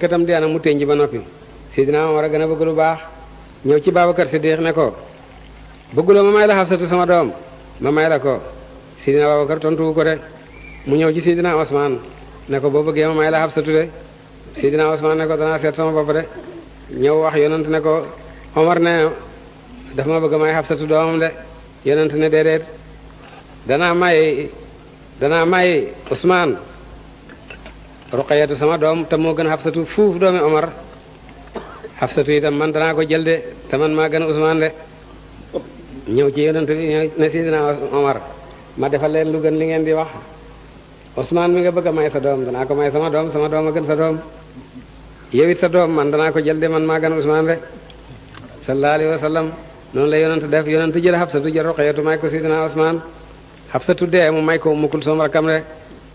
katam dee na mu tënji ba noppi Seydina Omar a gën a bëgg lu baax ñëw ci Babacar Siddiq ne ko bëgguloo ma may la Xafsatu sama doom ma may la ko Seydina Babacar tontuwu ko de mu ñëw ci Seydina Osman ne ko boo bëggee ma may la Xafsatu de Seydina Osman ne ko danaa seet sama bopp de ñëw wax yonent ne ko Omar ne dafa ma bëgg may Xafsatu doomam de yonent ne déedéet danaa may danaa may Osman ruqayatu sama doom te moo gën a xabsatu fuuf doomi omar xabsatu itam man danaa ko jël de te man maa gën a usmaan de ñëw ci yonent ne sidina omar ma defal leen lu gën li ngeen di wax usmaan mi nga bëgg a may sa doom danaa ko may sama doom sama doom a gën sa doom yow it sa doom man danaa ko jël de man maa gën a usmaan de sallallahu alayhi wa sallam noonu la yonent def yonent jël xabsatu jël ruqayatu may ko sidina usmaan xabsatu dee mu may ko ummu kulsum rakam de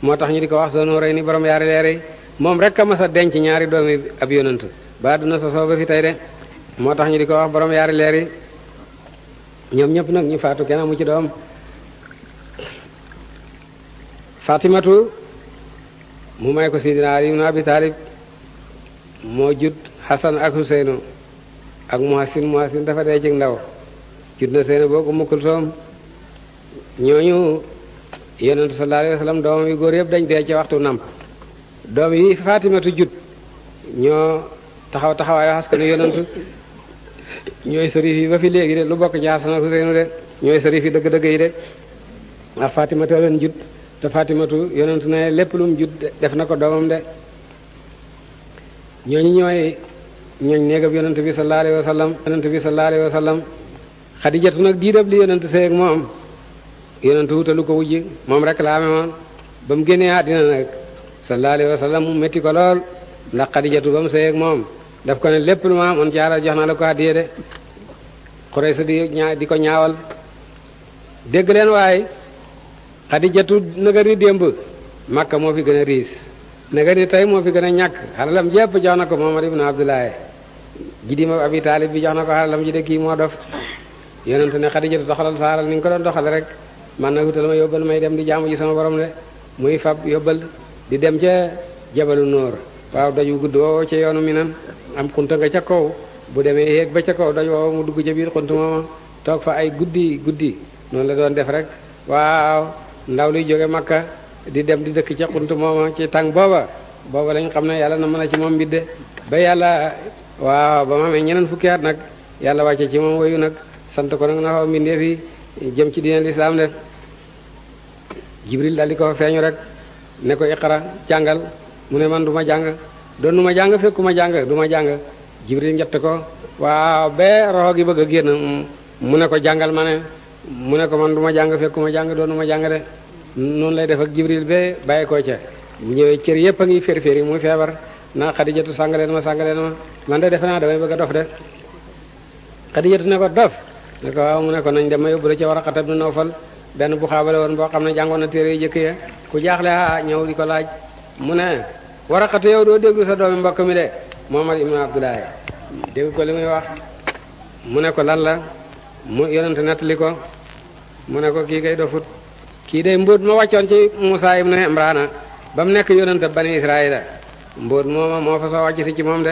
moo tax ñu di ko wax soo nooray ni borom yaari leer moom rek a mas a ci ñaari doomi ab yonant ba àdduna sosoo ba fi tey de moo tax ñu di ko wax borom yaari leer ñëpp nag ñu faatu kenn mu ci doom fatimatu mu may ko sidina ali ibn abi talib moo jut xasan ak huseynu ak muhasin muhasin dafa dee jëg ndaw jut na seyna boo ko mukkul ñooñu yonent sallallahu alayhi wa sallam doomam yu góor yëpp dañ dee ci waxtu namp doom yi Fatimatu jut ñoo taxaw taxawaayu askan wi yonent ñooy sërif yi ba fi léegi de lu bokk ci Hasan ak Huseyn dëgg-dëgg yi de ndax Fatimatu leen jut te Fatimatu yonent ne lépp lu mu def na ko doomam de ñooñu ñooy ñooñ néegab yonent bi sallallahu alayhi wa sallam bi sallallahu alayhi wa sallam Xadijatu nag diidab li yonent sëy ak moom yonent wutalu ko wujj moom rek la amee ba mu génnee àddina nag sallallahu alayhi wa sallam mu métti ko lool ndax xadijatu ba mu sëy ak moom daf ko ne lépp lu ma amoon ci alal jox na la ko àddiye de Xuraysa di ñaa di ko ñaawal dégg leen waaye xadijatu naga ni démb Makka moo fi gën a riis naga ni tey moo fi gën a ñàkk alalam jépp jox na ko Muhammad ibn Abdullahi jidima Abi Taalib bi jox na ko alalam ji de kii moo dof yonent ne xadijatu doxalal saaral ni nga ko doon doxal rek man nag wutal ma yóbbal may dem di jaamu ji sama borom de muy fab yóbbal di dem ca jabalu nóor waaw daju guddoo ca yoonu mi minan am xunta nga ca kaw bu demee yéeg ba ca kaw daj woo mu dugg ca biir xunt mooma toog fa ay guddi guddi noonu la doon def rek waaw ndaw luy jóge makka di dem di dëkk ca xunt mooma ci tàng booba booba lañ xam ne yàlla na mën a ci moom de ba yàlla waaw ba ma amee ñeneen fukki at nag yàlla wàcce ci moom wayu nag sant ko nag na xaw mbindeef yi jëm ci diine jibril daal di ko feeñu rek ne ko iqra jàngal mu ne man duma jàng doon nu ma jàng fekku ma jàng du ma jàng jibril njett ko waaw ba roxo gi bëgg a génn mu ne ko jàngal ma ne mu ne ko man du ma jàng fekku ma jàng doon nu ma jàng noonu lay def ak jibril ba bàyyi koo ca bu ñëwee cër yépp a ngi fér-fér yi muy feebar naa xadijatu sàngaleen ma sàngaleen ma man de defe naa damay bëgg a dof de xadijatu ne ko dof ne ko waaw mu ne ko nañ dem ma yóbbu la war a xatab nu benn bu xaabale woon boo xam ne jàngoon na téere yu jëkk ya ku jaaxle aa ah, ñëw di ko laaj mu ne waraqatu yow doo déglu sa doomi mbokk mi de Muhammad ibnu Abdullahi dégg ko li muy wax mu ne ko lan la mu yonente nettali ko mu ne ko kii kay dofut kii day mbóot ma wàccoon ci Musaa ibnu Imraana ba mu nekk yonente bani Israila mbóot mooma moo fa soo wàcc si ci moom de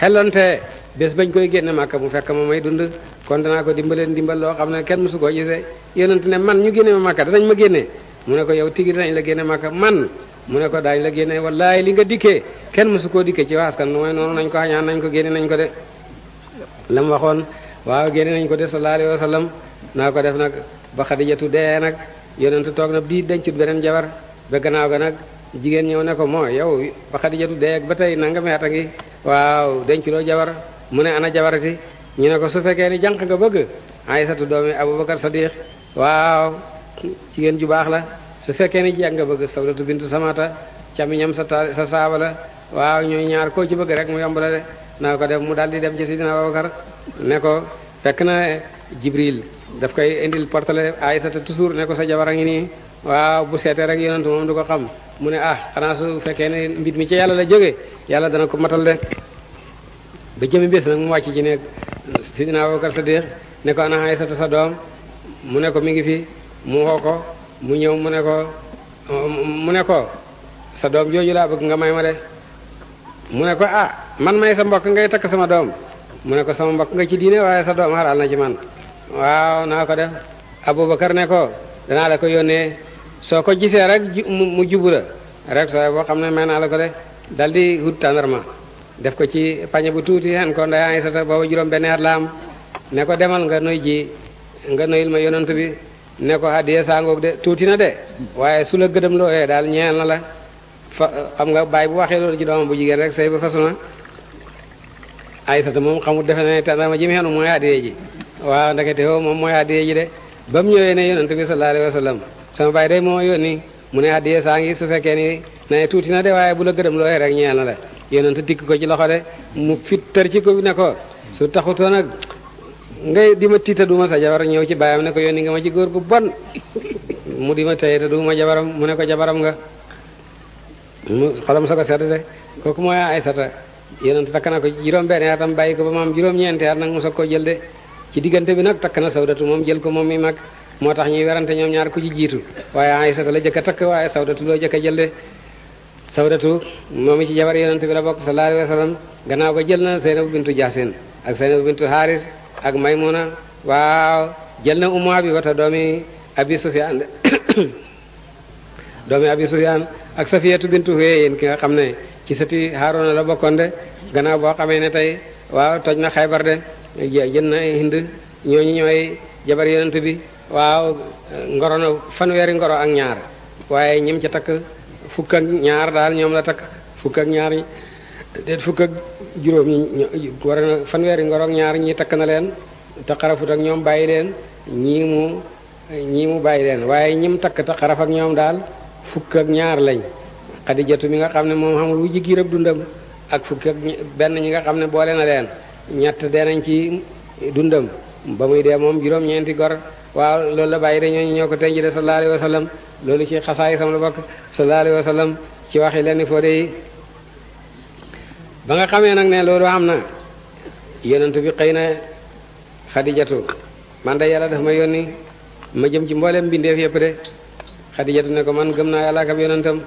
xellante bés bañ koy génne màkka mu fekk ma may dund kon danaa ko dimbaleen dimbal loo xam ne kenn musu koo gisee yonent ne man ñu génne ma màkka danañ ma génne mu ne ko yow tigi danañ la génne màkka man mu ne ko daañ la génne wallaay li nga dikkee kenn musu koo dikkee ci waaskan mooy noonu nañ ko xañaan nañ ko génne nañ ko de la mu waxoon waaw génne nañ ko de sallallahu alayhi wa sallam naa ko def nag ba xadijatu dee nag yonentu toog nag di dencut beneen jabar ba gannaaw ga nag jigéen ñëw ne ko moo yow ba xadijatu dee ba tey nanga meeta ngi waaw denculoo jabar mu ne ana jabarati ñu ne ko su fekkee ni jànq nga bëgg Aysatu doomi Abubakar Sadiq waaw jigéen ju baax la su fekkee ni jàng nga bëgg Sawdatu bintu Samata camiñam sa sa saaba la waaw ñooy ñaar koo ci bëgg rek mu yomb la de naa ko def mu daal di dem ci Sidina Abubakar ne ko fekk na Jibril daf koy indil portale Aysata toujours ne ko sa jabar a ngi nii waaw bu seetee rek yonentu moom du ko xam mu ne ah xanaa su fekkee ne mbir mi ci yàlla la jógee yàlla dana ko matal de ba jëmi bés nag mu wàcc ci ne sidina Abubakar Sadiq ne sa doom mu ne ko mi ngi fi mu woo ko mu ñëw mu ne ko mu ne ko sa doom jooju laa bëgg nga may ma de mu ne ko ah man may sa mbokk ngay takk sama doom mu ne ko sama mbokk nga ci diine waaye sa doom xaraal na ci man waaw naa ko def Abubakar ne ko danaa la ko yónnee soo ko jisee rek mu jubu la rek soo boo xam ne may naa la ko de daldi wut tàndarma def ko ci pañe bu tuuti hen ko nday Aysata booba juróom benn at la am ne ko demal nga noy ji nga noyil ma yonent bi ne ko hadiya sangoog de tuuti na de waaye su la gëdëm looyee eh, daal ñeel na la fa xam nga baay bu waxee loolu ci doomam bu jigéen rek say ba façon Aysata moom xamul defe ne tàndama ji mu xenu mooy hadiya ji waaw ndekete yoo moom mooy hadiya ji de ba mu ñëwee ne yonent bi sallallahu alayhi wa sallam sama baay day moo yónni mu ne hadiya saa ngi su fekkee ni ne tuuti na de waaye bu la gëdëm looyee eh, rek ñeel na la yonent dikk ko ci loxo de mu fittar ci ko bi ne ko su taxutoo nag ngay di ma tiita duma sa jabar ñëw ci bàyyi baayam ne ko yoon yónni nga ma ci góor gu bon mu di ma tey te duma jabaram mu ne ko jabaram nga mu xolam sa ko sedd de kooku mooy Aysata yonent takk na ko juróom-benn atam bàyyi ko ba maam juróom-ñeenti at nag mu soog koo jël de ci diggante bi nag takk na Sawdatu moom jël ko moom mi mag moo tax ñuy werante ñoom ñaar ku ci jiitu waaye Aysata la jëkk takk waaye Sawdatu loo jëkk a sawdatu moom ci jabar yonent bi la bokk sa alayhi wa sallam gannaaw ko jël na Seynabu bintu Jaasin ak Seynabu bintu Haris ak Maymuna waaw jël na umma bi wata doomi Abi Sufyaan doomi Abi Sufyaan ak Safiyatu bintu Huyayyin ki nga xam ne ci sëti Haaruna la bokkoon de gannaaw boo xamee ne tey waaw toj na Xaybar de jël na Hind ñooñu ñooy jabar yonent bi waaw ngoro na fanweeri ngoro ak ñaar waaye ñim ca takk fukk ak ñaar daal ñoom la takk fukk ak ñaar yi fukk ak juróom yi war na fanweeri ngoroog ñaar ñii takk na leen te xarafut ak ñoom bàyyi leen ñii mu ñii mu bàyyi leen waaye mu takk te xaraf ak ñoom daal fukk ak ñaar lañ xadijatu mi nga xam ne moom xamul wu jiggi rëb dundam ak fukk ak benn ñi nga xam ne boole na leen ñett dee nañ ci dundam ba muy dee moom juróom-ñeenti gor waaw loolu la bàyyi de ñooñu ñoo ko tenji de sallallahu alayhi wa loolu ci xasaay sam la bokk sallallahu alayhi wa sallam ci waxi lenn foo yi ba nga xamee nag ne loolu am na yonent bi xëy na xadijatu man de yàlla def ma yónni ma jëm ci mboolem mbindeef yëpp de xadijatu ne ko man gëm naa yàlla ak yonentam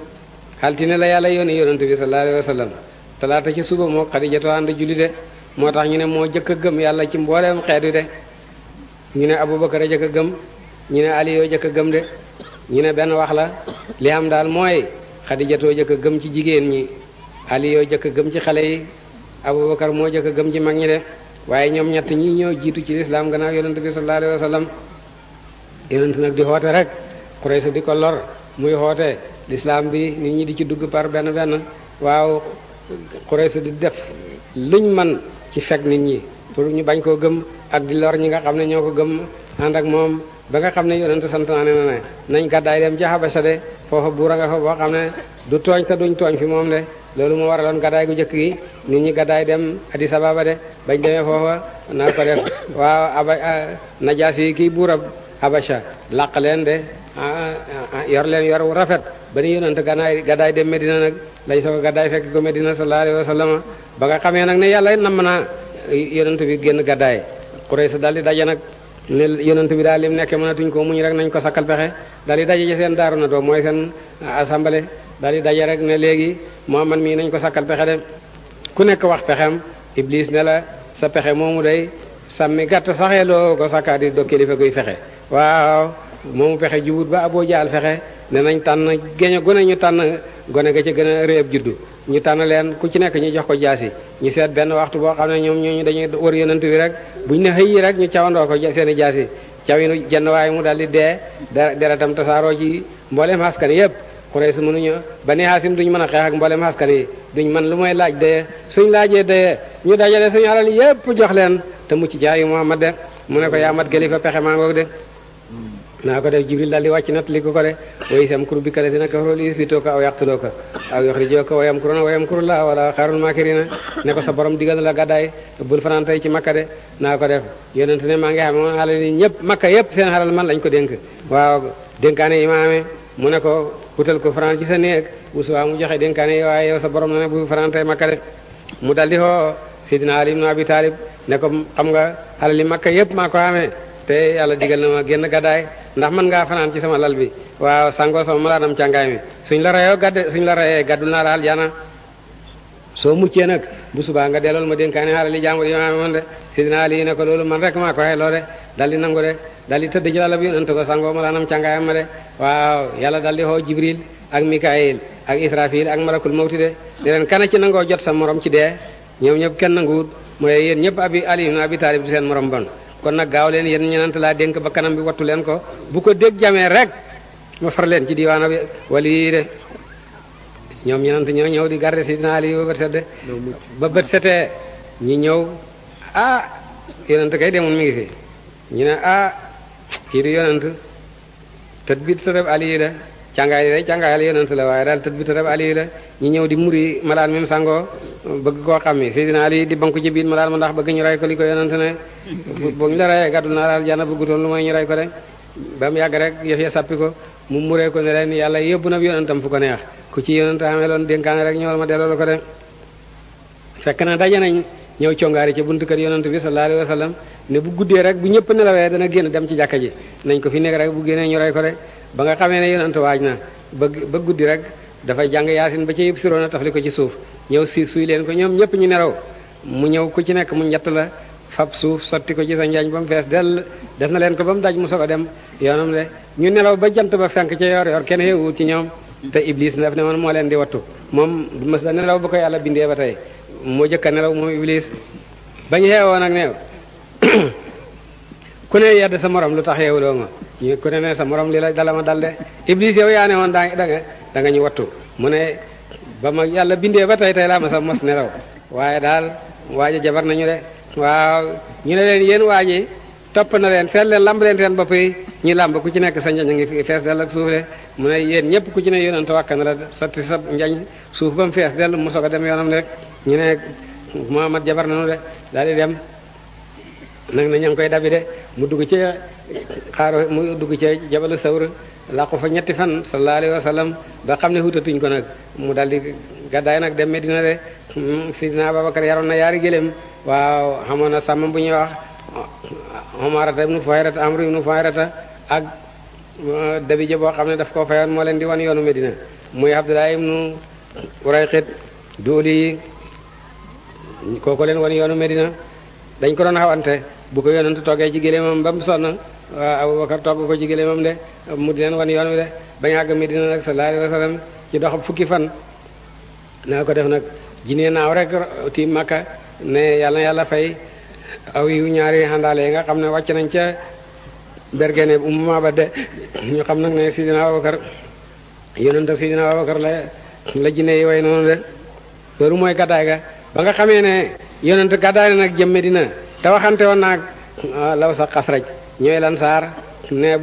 xaltine la yàlla yónni yonent bi sallallahu alayhi wa sallam talaata ci suba moo xadijatu ànd julli de moo tax ñu ne moo jëkk gëm yàlla ci mbooleem xeet wi de ñu ne abubakar a jëkk a gëm ñu ne ali yoo jëkk gëm de ñu ne benn wax la li am daal mooy xadijatoo jëkk a gëm ci jigéen ñi aliyoo jëkk gëm ci xale yi abubakar moo jëkk gëm ci mag ñi de waaye ñoom ñett ñi ñoo jiitu ci lislaam gannaaw yonent bi sa alayhi wa sallam yonent nag di xoote rek Quraysh di ko lor muy xoote lislaam bi nit ñi di ci dugg par benn benn waaw Quraysh di def luñ man ci fekk nit ñi pour ñu bañ koo gëm ak di lor ñi nga xam ne ñoo ko gëm ànd ak moom ba nga xam ne yonent sant naa ne na ne nañ gàddaay dem ja Habasa de foofa buura nga fa boo xam ne du tooñ te duñ tooñ fi moom de loolu moo waraloon gàddaay gu njëkk gi nit ñi gàddaay dem Addis Ababa de bañ demee foofa na ko def waaw aba ah, najaas yi kii buurab Habasa làq leen de ah, ah, yor leen yor wu rafet ba ni yonent gànnaay gàddaay dem Medina nag lañ soo ko gàddaay fekk ko Medina sallallahu alayhi wa ba nga xamee nag ne yàlla namm na yonent bi génn gàddaay Quraysh li yonent bi daal lim nekkee mënatuñ ko muñ rek nañ ko sakkal pexe daal i daja ci seen daaru na doom mooy seen ah, assemblée daal di daje rek ne léegi moo man mii nañ ko sakkal pexe de ku nekk wax pexem Iblis ne la sa pexe moomu day sàmmi gàtt saxee loo ko sakkaa di do kilifa guy fexe waaw moomu pexe jubut ba aboo jaal fexe ne nañ tànn geño gone ñu tànn gone ga ca gën a réeb juddu ñu tànn leen ku ci nekk ñu jox ko jaas jaasi ñu seet benn waxtu boo xam ne ñoom ñu dañuy wër yonent bi rek buñ ne xëy yi rek ñu cawandoo ko seeni jaasi cawinu jenn waaye mu daldi dee deretam tasaaroo ci mbooleem askan yépp Quraysh mënuñu Bani Haasim duñ mën a xeex ak mbooleem askan yi duñ mën lu mooy laaj dayee suñ laajee dayee ñu dajale suñu alal yépp jox leen te mucc caayu Muhammad de mu ne ko yaa mat galifa pexe maa ngoog de naa ko def jibril daal di wàcc nattali ko ko de way sam kur bi kale dina kafaroo li fitoo ko aw yàqtuloo aw yoxrijoo ko wayam kur la wala xaarul maakirina ne ko sa borom digal la gàddaay bul fanaan tey ci makka de naa ko def yonente ne maa ngi xam moom xale ni yëpp seen man lañ ko dénk waaw dénkaane yi ma mu ne ko wutal ko fanaan ci sa néeg bu subaa mu joxe dénkaane waaye yow sa borom na ne bu fanaan tey makka de mu daldi xoo sidina ali ibn ne ko xam nga xalali makka yëpp maa ko amee te yàlla digal na ma génn ndax man ngaa fanaan ci sama lal bi waaw sangoo sama malaanam càngaay mi suñ la rayoo gadde suñ la rayee gaddul naa la aljana soo muccee nag bu subaa nga dellool ma dénkaane xaalali jàmbur yi ma man de sidina Ali ne ko rek maa ko xeloo de dal di nangu de dal di tëdd ci lala bi nanta ko sangoo malaanam càngaayam ma de waaw yàlla dal di xoo Jibril ak Mikaayil ak Israfil ak malakul mawti de ne leen kana ci nangoo jot sa morom ci dee ñoom ñëpp kenn nanguwut mooy yéen ñëpp abi Ali ibn Abi seen morom bon kon nag gaaw leen yéen ñenant laa dénk ba kanam bi wattu leen ko bu ko dégg jamee rek ma far leen ci diwaana bi wala yii de ñoom ñenant ñoo ñëw di garde Seydina Ali ba bët sedd ba bët setee ñi ñëw ah yonent kay demul mi ngi fi ñu ne ah kii di yonent tët bi tëtëb Ali yi la càngaay li day càngaayal yonent la waaye daal tët bi tëtab ali la ñu ñëw di muri malaan même sangoo bëgg koo xam mi Seydina Ali di bonk ci biir malaan ma ndax bëgg ñu ray ko li ko yonent ne boo ñu naa daal jana bëggutoon lu mooy ñu ray ko de ba mu yàgg rek yëf ya sappi ko mu muree ko ne leen yàlla yóbbu na yonentam fu ko neex ku ci yonent amee loon dénkaane rek ñëwal ma delloo ko de fekk na daje nañ ñëw congaari ci buntu kër yonent bi sallallahu alayhi wa sallam ne bu guddee rek bu ñëpp nelawee dana génn dem ci jàkka ji nañ ko fi nekk rek bu génnee ñu ray ko de ba nga xamee ne yonent waaj na ba ba guddi rek dafay jàng yaasin ba ca yëpp siroon a tafli ko ci suuf ñëw si suy leen ko ñoom ñëpp ñu neraw mu ñëw ku ci nekk mu ñett la fab suuf sotti ko ci sa njaañ ba mu fees dell def na leen ko ba mu daj mu soog a dem yoonam de ñu nelaw ba jant ba fenk ca yor yor kenn yeewut ci ñoom te iblis na ne man moo leen di wattu moom mës da nelaw ba ko yàlla bindee ba tey moo jëkk a nelaw moom iblis ba ñu yeewoo nag ne sa morom lu tax yeewuloo ñu ku ne sa morom li la dala ma dal de iblis yow yaa ne woon daa da nga da ñu wattu mu ne ba ma yàlla bindee ba tey tey laa ma sa mos nelaw waaye daal waaji jabar nañu de waaw ñu ne leen yéen waaji topp na leen seet leen lamb leen seen bopp ñu ñi ku ci nekk sa njañ a ngi fees dell ak suuf de mu ne yéen ñëpp ku ci ne te wàkk na la sotti sa njañ suuf ba mu fees dell mu soog a dem yoonam rek ñu ne Muhammad jabar nañu de daal di dem nag na ña ngi koy dabi de mu dugg ca xaaru mu dugg ca jabalu sawr làqu fa ñetti fan sallallahu alayhi ba xam ne hutatuñ ko nag mu daal di nag dem Medina de fi hmm, na Ababakar yaroon na yaari gëléem waaw xamoon na sàmm bu ñuy wax Umarata ibnu Fuhayrata Amru ibnu Fuhayrata ak euh, dabije boo xam ne daf koo fayoon moo leen di wan yoonu Medina muy Abdullah ibnu Urayqit duuli yi kooku leen wan yoonu Medina dañ ko doon xawante bu ko yonent toggee ci géléemam ba mu sonn waaw Abubakar togg ko ci géléemam de mu di leen wan yoon wi de bañ àgg Medina nag sallallahu alayhi wa sallam ci dox fukki fan naa ko def nag jinee naaw rek ti Makka ne yàlla yàlla fay aw yu ñaari xandaale yi nga xam ne wàcc nañ ca bergene umma ba de ñu xam nag ne Sidina Abubakar yonent Sidina Abubakar la la jinne yi way noonu de loolu mooy gàddaay ga ba nga xamee ne yonent gàddaay nag jëm Medina te waxante woon naag ah, law sa rek ñooy lan saar ne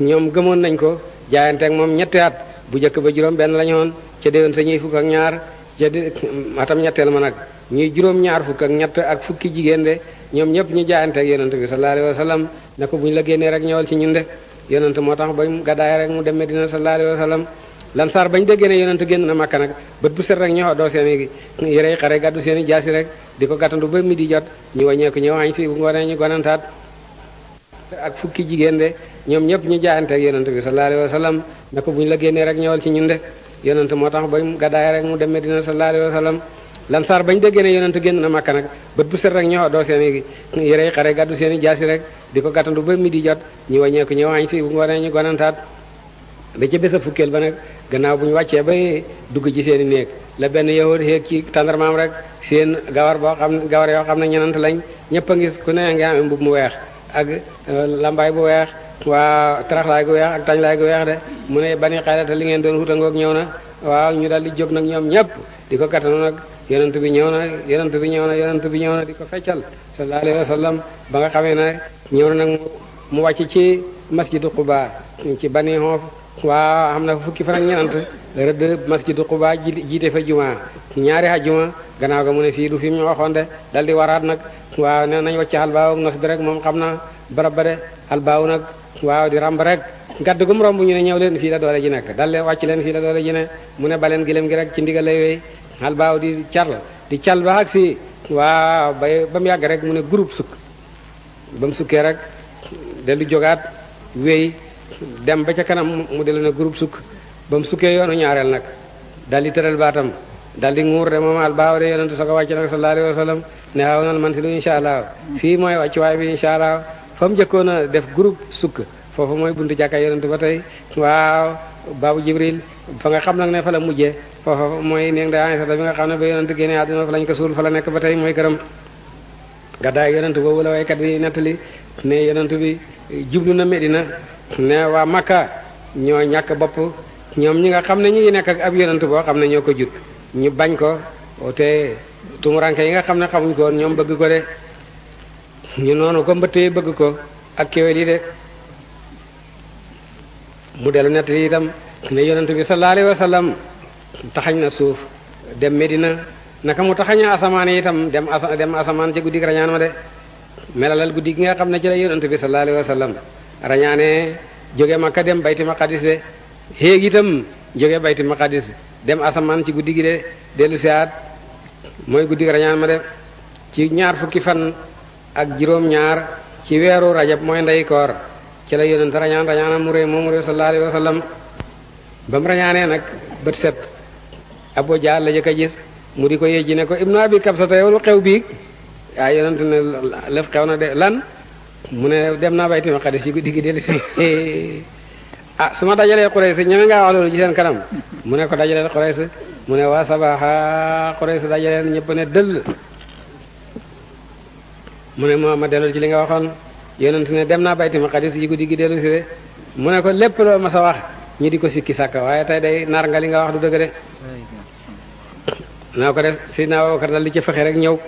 ñoom gëmoon nañ ko jaayanteek moom ñetti at bu njëkk ba juróom benn la ñu woon dee déwén sa ñuy fukk ak ñaar ca atam ñetteel ma nag ñuy juróom ñaar fukk ak ñett ak fukki jigéen de ñoom ñëpp ñu jaayanteeg yonent bi sallallahu alayhi wa sallam ne ko bu ñu la génnee rek ñëwal ci ñun de yonent moo tax ba mu gàddaay rek mu dem Medina sallallahu alayhi wa sallam lan saar bañ déggee ne yonentu génn na makka nag bët bu set rek ñu xoddoo seen i yërey xare gàddu seen i jaasi rek di ko gàttandu ba mi di jot ñu wàññeeku ñëw añ si bu ngoonee ñu gonantaat ak fukki jigéen ñoom ñëpp ñu jaayante ak yonent bi sallallahu alayhi wa sallam ne ko buñ la génnee rek ñëwal ci ñun de yonent moo tax ba mu gàddaay rek mu dem Medina sallallahu alayhi wa sallam lan saar bañ déggee ne yonent génn na makka nag bët bu set rek ñu xoddoo seen i yërey xare gàddu seen i jaasi rek di ko gàttandu ba mi di jot ñu wàññeeku ñëw añ si bu ngoonee ñu gonantaat ba ci bés a fukkeel ba nag gannaaw bu ñu wàccee bay dugg ci seen i néeg la benn yahud xeeg ci tàndarmaam rek seen gawar boo xam gawar yoo xam ne ñenant lañ ñëpp ngis ku ne nga am mbub mu weex ak euh, lambaay bu weex waa taraxlaay gu weex ak tañlaay gu weex de mu ne bani xaylata li ngeen doon xutangoog ñëw na waaw ñu daal di jóg nag ñoom ñëpp di ko kattanu nag yonent bi ñëw na yonent bi ñëw na yonent bi ñëw na di ko feccal sallallahu alayhi wa sallam ba nga xamee na ñëw na nag mu wàcc ci masjidu Quba ci bani waaw xam na fukki fan ak ñenant la rëdd masjidu Quba jiite fa juma ñaari ajuma gannaaw ga mu ne fii du fi mu ñu waxoon de dal di waraat nag waaw ne nañ wàcc albaaw ak nos bi rek moom xam na barab ba de albaaw nag waaw di ramb rek gàdd gum romb ñu ne ñëw leen fii la doole ji nekk dal leen wàcc leen fii la doole ji ne mu ne baleen gilem gi rek ci ndigal lay wéy albaaw di cal di cal ba ak si waa ba ba yàgg rek mu ne groupe sukk ba mu sukkee rek dellu jogaat wéy dem ba ca kanam mu delu ne groupe sukk ba mu sukkee yoonu ñaareel nag dal di baatam daldi nguur de moomaal baawale yonentu sa ko wàcc nag sallallahu alayhi wa sallam ne xaw nal mansilu insha allah fii mooy wàcc waay bi insha allah fa mu njëkkoon a def group sukk foofu mooy bunt jàkka yonentu ba tey waaw baabu jibril fa nga xam nag ne fa la mooy néeg da Aysa bi nga xam ne ba yonentu génne ko suul fa nekk ba tey mooy këram gaddaay yonentu boobu la waykat bi nettali ne yonentu bi jublu na na ne waa Makka ñoo ñàkk bopp ñoom ñi nga xam ne ñu nekk ak ab yonent boo xam ne ñoo ko jut ñu bañ ko te tumuraanke yi nga xam ne xamuñ ko ñoom bëgg ko de ñu noonu ko mbëttee bëgg ko ak kéwél yi de mu dellu nett li tam ne yonent bi sallallahu alayhi wa sallam taxañ na suuf dem Medina naka mu taxaña asamaan yi itam dem dem asamaan ci guddi rañaan ma de melalal guddi gi nga xam ne ci la yonent bi sallallahu alayhi wa rañaane jóge Makka dem bayti maqadis de xéeg itam jóge bayti maqadis dem asamaan ci guddi gi de dellu mooy guddi rañaan ma de ci ñaar fukki fan ak juróom-ñaar ci weeru rajab mooy ndey ci la yonent rañaan rañaana mu réy moomu réew sallallahu alayhi ba mu rañaanee nag bët set Abu Jahl la jëkk gis mu di ko yejji ne ko ibnu abi kabsata yow lu xew bii waaye yonent ne lëf xew na de lan mu ne dem naa bayti maqadis ci guddi gi dellu si ah su ma dajalee Quraysh ñeme ngaa wax loolu ci seen kanam mu ne ko dajaleen Quraysh mu ne waa sabaxa Quraysh dajaleen ñëpp ne dëll mu ne ma ma dellu ci li nga waxoon yonent ne dem naa bayti maqadis ci guddi gi dellu de mu ne ko lépp loo ma sa wax ñi di ko sikki sàkk waaye tey day nar nga li nga wax du dëgg de naa ko def si naa Abubakar dal li ci fexe rek ñëw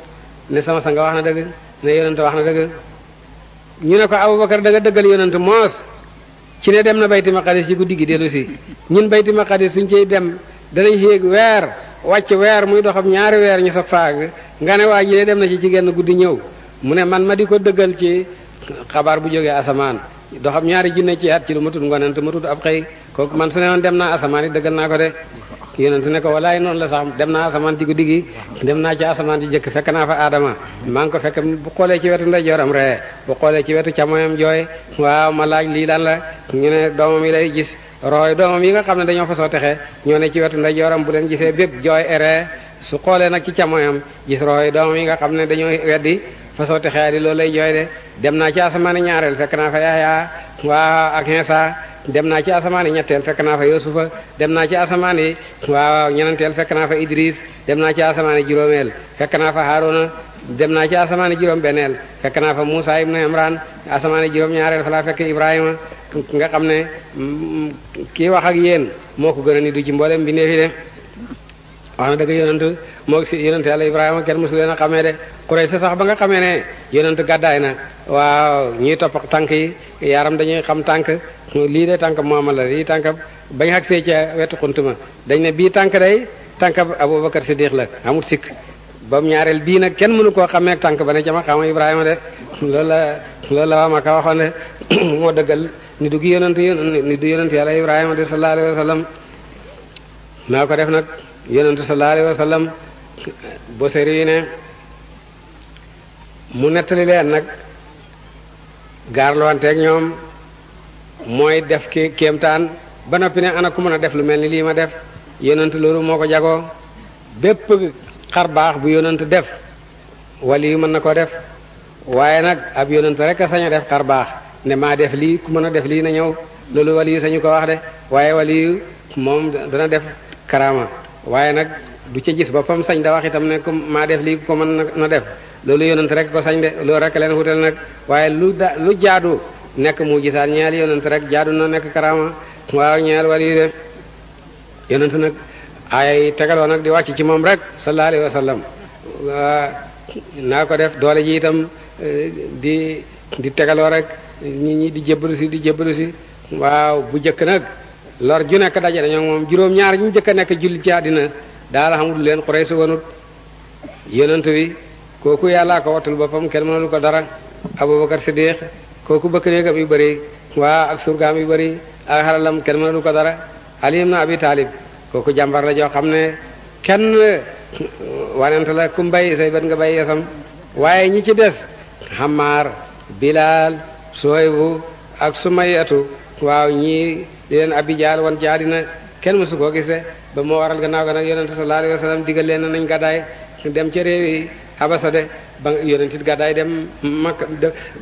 ne sama sa nga wax na dëgg ne yonent wax na ñu ne ko Abubakar da nga dëggal yonent moos ci ne dem na bayti maqadis ci guddi gi dellu si ñun bayti maqadis suñ cey dem danañ yéeg weer wàcc weer muy dox doxam ñaari weer ñu sa faag nga ne waa ji dem na ci ci genn guddi ñëw mu ne man ma di ko dëggal ci xabaar bu jógee asamaan doxam ñaari junne ci at ci lu ma tudd ngonent ma tudd ab xëy kooku man su ne woon dem naa asamaan yi dëggal naa ko de ki yonent ne ko walaay noonu la sax dem naa asamaan ci guddi gi dem naa ci asamaan ci jëkk fekk naa fa aadama maa ngi ko fekk bu xoolee ci wetu ndeyjooram ree bu xoolee ci wetu càmmoñam jooy waaw ma laaj lii lan la ñu ne doomam yi lay gis roxoy doomam yi nga xam ne dañoo fasoo texe ñoo ne ci wetu ndeyjooram bu leen gisee bépp jooy ree su xoolee nag ci càmmoñam gis roxoy doomam yi nga xam ne dañoo weddi fasoo texe di loolu lay jooy de dem naa ci asamaan ñaareel fekk naa fa Yaxya waaw ak Iisaa dem naa ci asamaan yi ñetteel fekk naa fa Yusufa dem naa ci asamaan yi waaw fekk naa fa Idris dem naa ci asamaan yi juróomeel fekk naa fa Haruna dem naa ci asamaan yi juróom fekk naa fa Musa ibnu Imran asamaan yi juróom-ñaareel fa laa fekk Ibrahima nga xam ne mm, mm, kii wax ak yéen moo ko gën a ni du ci mboolem bi neefi wax na dëgg yonent moo si yonent yàlla Ibrahima kenn mosu leen a xamee de sa sax ba nga xamee ne yonent gàddaay na waaw ñiy topp tànk yi yaaram dañuy xam tànk lii de tànk mooma la lii tànk bañ xag see ca wetu xunt ma dañ ne bii tànk day tànk Abubakar Siddiq la amul sikk ba ñaareel bii nag kenn mënu koo xamee tànk ba ne ca ma xam Ibrahima de loolu la loolu la waa Makka waxoon de moo dëggal ni du gi yonent ni du yonent de sallallahu alayhi wa sallam ko def nag yonentu sallallahu alayhi wa sallam Busayri ne mu nettali leen nag gaarlowanteeg ñoom mooy def ki kéemtaan ba noppi ne ana ku mën a def lu mel ni lii ma def yonent loolu moo ko jagoo bépp xar baax bu yonent def wali mën na koo def waaye nag ab yonent rek a sañ def xar baax ne maa def lii ku mën a def lii na ñëw loolu wali sañu ko wax de waaye wali yu moom dana def karaama waaye nag du ca gis boppam sañ da wax itam ne comme maa def lii ko mën na def loolu yonent rek ko sañ de loolu rek leen wutal nag waaye lu da lu jaadu nekk mu gisaan ñeel yonent rek jaadu na nekk karaama waaw ñeel wali de yonent nag ay tegaloo nag di wàcc ci moom rek sallallahu alayhi wa naa ko def doole ji itam eh, di di tegaloo rek nit ñi di jébbalu si di jébbalu si waaw bu jëkk nag lor ju nekk daje na moom juróom-ñaar ñu njëkk a nekk jullit ci àddina daal xamul leen Quraysh wanut yonent kooku yàllaa ko wattul boppam kenn mënalu ko dara Abubakar Siddiq kooku bëkk néegam yu bëri waa ak surgaam yu bëri ak xalalam kenn mënalu ko dara Ali na Abi Talib kooku jàmbar la joo xam ne kenn wanent la ku mbay say bët nga bay yasam waaye ñi ci des Hammaar Bilal Suwaybu ak Sumayatu waaw ñii di leen abi jaal wan jaadina kenn mësu koo gise ba moo waral gannaaw ga nag yonente sallallahu alayhi wa sallam digal leen nañ gàddaay dem ca réew yi de ba yonent it gàddaay dem Makka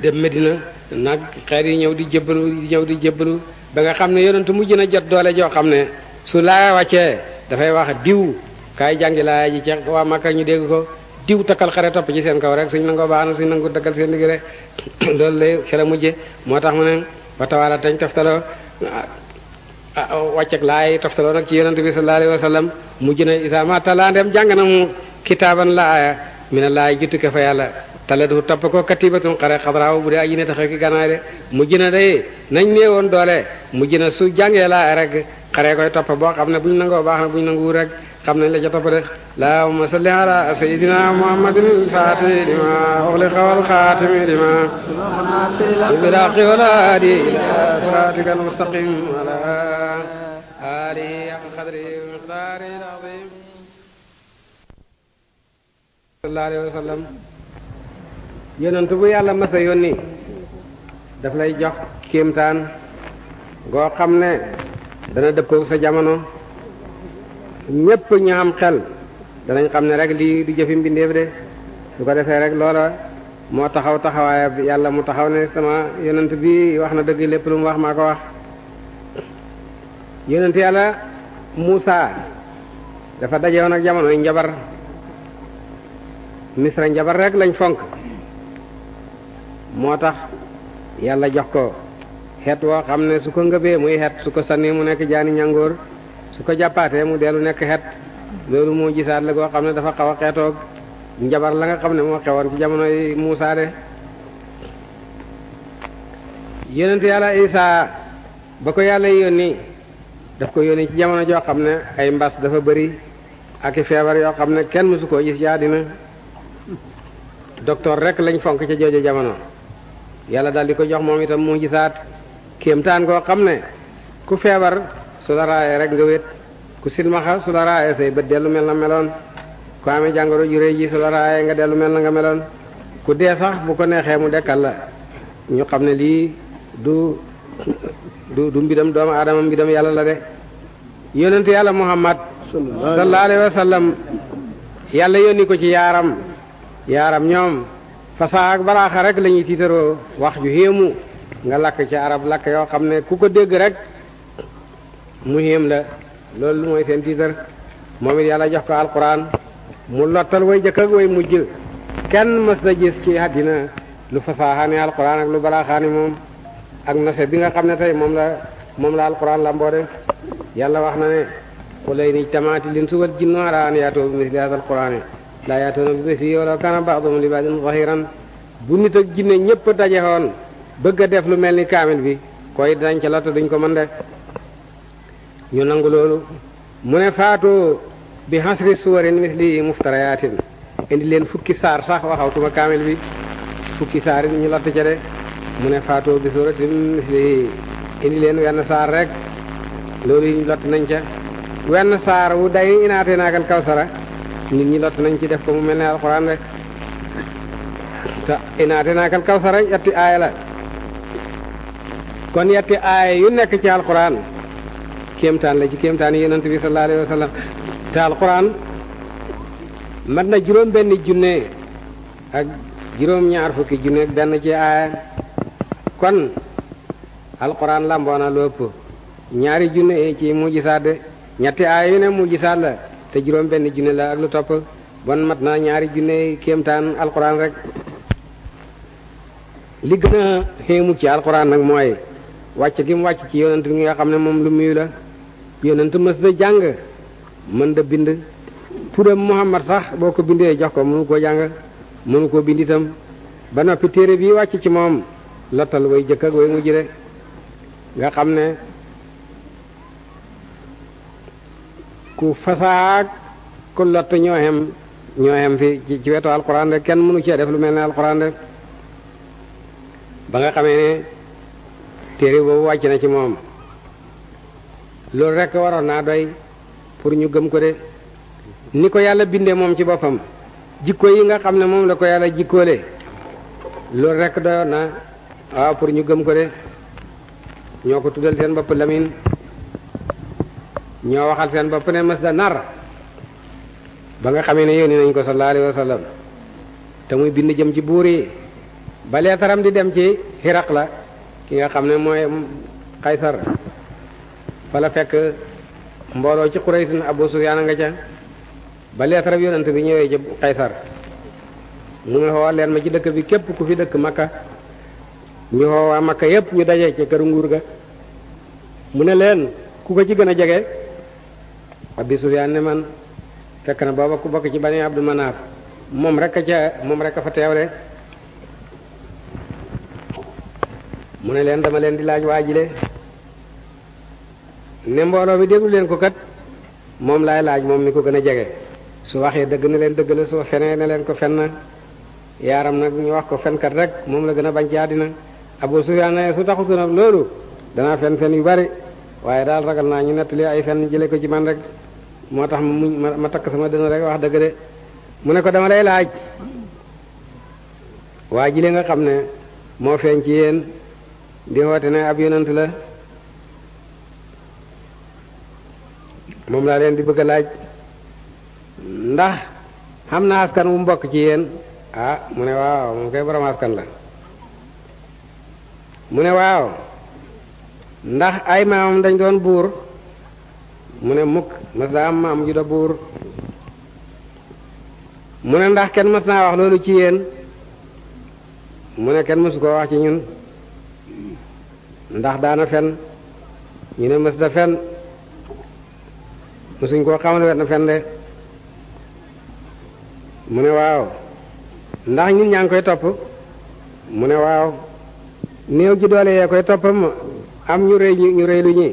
dem Medina nag xeet yi ñëw di jébbalu ñëw di jébbalu ba nga xam ne yonent mujj na jot doole joo xam ne su laaya wàccee dafay wax diw kaay jàngi laaya ji ca waa Makka ñu dégg ko diw takkal xere topp ci seen kaw rek suñ nangoo baax na suñ nangoo takkal seen digg rek loolu lay xel a moo tax mu ne ba tawaala dañ taftaloo wàcceg laay taftaloo nag ci yonente bi sallallahu alayhi wa sallam mujj na isa mata laa ndem jàng na mu kitaaban laaya mi ne laay juttuke fa yàlla tale du topp ko katibatun xare xadraaw bu dee aji ne taxe ki ganaay de mujj na day nañ nee woon doole mu mujj na su jàngee laaya rek xare koy topp boo xam ne bu ñu nangoo baax na bu ñu nanguwul rek xam nañ la ca topp de allahumma salli ala sayyidina muhammadin al-fatih lima ughliqa wal khatimi wal hadi ila siratika al-mustaqim wa ala alihi haqqa qadrihi wa miqdarihi al-azim sallallahu alayhi wa bu yàlla masa yónni daf lay jox kéemtaan goo xam ne dana dëppoog sa jamono ñépp ñaam xel danañ xam ne rek lii du jëfi mbindeef de su ko defee rek loola moo taxaw taxawaaya bi yàlla mu taxaw ne sama yonent bi wax na dëgg lépp lu mu wax maa ko wax yonent yàlla Muusa dafa dajewoon ak jamonoy njabar misra njabar rek lañ fonk moo tax yàlla jox ko xeet woo xam ne su ko ngëbee muy xet su ko sànni mu nekk jaani ñàngoor su ko jàppaatee mu dellu nekk xet loolu moo gisaat la koo xam ne dafa xaw a xeetoog njabar la nga xam ne moo xewoon ci jamonoy Muusaa de yonentu yàlla Isaa ba ko yàlla yónni daf ko yónni ci jamono joo xam ne ay mbas dafa bëri ak i feebar yoo xam ne kenn mësu ko gis ci àddina docteur rek lañ fonk ca joojo jamono yàlla daal di ko jox moom itam mu gisaat kéemtaan koo xam ne ku feebar su la raayee rek nga wét ku silmaxa su la raayee say bët dellu mel na meloon ku amee jàngoro ju réy ji su la raayee nga dellu mel na nga meloon ku dee sax bu ko neexee mu dekkal la ñu xam ne lii du du du mbidam doomu aadama mbidam yàlla la de yonent yàlla muhammad sallallahu alayhi wa sallam yàlla yónni ko ci yaaram yaaram ñoom fasaa ak rek la ñuy wax ju héemu nga lakk ci arab lakk yoo xam ne ku ko dégg rek mu muhim la loolu mooy seen tiitar moom it yàlla jox ko alquran mu lottal way jëkk ak way mujj kenn mës na gis ci àddina lu fasaaxaane alquran ak lu balaaxaane moom ak nose bi nga xam ne tey moom la moom la alquran lamboo def yàlla wax na ne ku lay ni tamaati lin subal jinnu ala an yaatoo bi misli haadal quraan laa yaatoona bi misli walaw kaana ba'duhum li ba'din zahiran bu nit ak jinne ñëpp daje woon bëgg a def lu mel ni kaamil bi koy dañ ca lott duñ ko mën def ñu nangu loolu mu ne faatu bi hasri suwarin misli muftarayaatin indi leen fukki saar sax waxawtuma kaamil bi fukki saar ñu latt ca de mu ne faatu bi suratin misli indi leen wenn saar rek loolu yi ñu lott nañ ca wenn saar wu day inaate naakal kawsara nit ñi lott nañ ci def ko mu mel ne alxuraan rek te inaate naakal kawsara yatti aaya la kon yatti aaya yu nekk ci alxuraan kéemtaan la ci kéemtaan yonent bi sallallahu alayhi wa te alquran mat na juróom benn junne ak juróom ñaar fukki junne ak benn ci aaya kon alquran lamboona lu ëpp ñaari junne ci mujjisaat de ñetti aaya yu ne mujjisaat la te juróom benn junne la ak lu topp bon mat na ñaari junne kéemtaan alquran rek li gën xéemu ci alquran nag mooy wàcc gi mu wàcc ci yonent bi nga xam ne moom lu muyu la yonent mës jàng mën da bind turam Muhammad sax boo ko bindee jox ko mënu koo jàng mënu koo bind itam ba noppi téere bii wàcc ci moom lottal way jëkk ak way mujj de nga xam ne ku fasaak ku lott ñoo xem ñoo xem fi ci ci wetu alxuraan kenn mënu cee def lu mel ne alxuraan ba nga xamee ne téere boobu wàcc na ci moom loolu rek waroon naa doy pour ñu gëm ko de ni ko yàlla bindee moom ci boppam jikko yi nga xam ne moom la ko yàlla jikkoole loolu rek doyoon na waaw pour ñu gëm ko de ñoo ko tuddal seen bopp lamin ñoo waxal seen bopp ne mas da nar ba nga xamee ne yónni nañ ko sallallahu alayhi wa te muy bind jëm ci buur yi ba leetaram di dem ci xiraq la ki nga xam ne mooy Kaysar fa la fekk mbooloo ci Quraysin Abu Sufyaan a nga ca ba rek yonent bi ñëwee ci Kaysar mu ne xoo leen ma ci dëkk bi képp ku fi dëkk Makka ñu xoo waa Makka yépp ñu daje ci këru nguur ga mu ne leen ku ko ci gën a jege bi Sufyaan ne man fekk na booba ku bokk ci Bani Abdu Manaaf moom rek a ca moom rek a fa teewle mu ne leen dama leen di laaj waa waajile ne mbooloo bi déglu leen ko kat moom laay laaj moom mi ko gën a jege su waxee dëgg na leen dëgg la su fenee na leen ko fen na yaaram nag ñu wax ko fenkat rek moom la gën a bañ ci àddina Abu Sufyaan su taxutu nag loolu danaa fen yu bari waaye daal ragal naa ñu nettali ay fen jële ko ci man rek moo tax ma ma takk sama dënn rek wax dëgg mu ne ko dama lay laaj waa ji li nga xam ne moo feeñ ci yéen di woote ne ab yonant la moom laa leen di bëgg laaj ndax xam na askan wu mbokk ci yéen ah mu ne waaw moom kay borom askan la mu ne waaw ndax ay maamam dañ doon buur mu ne mukk mës naa am maam ju da buur mu ne ndax kenn mës naa wax loolu ci yéen mu ne kenn mësu koo wax ci ñun ndax daana fen ñu ne mës da fen mosuñ koo xamal wenn fen de mu ne waaw ndax ñun ñaa ngi koy topp mu ne waaw néew ji doole yee koy toppam am ñu rëy ñu rëy lu ñi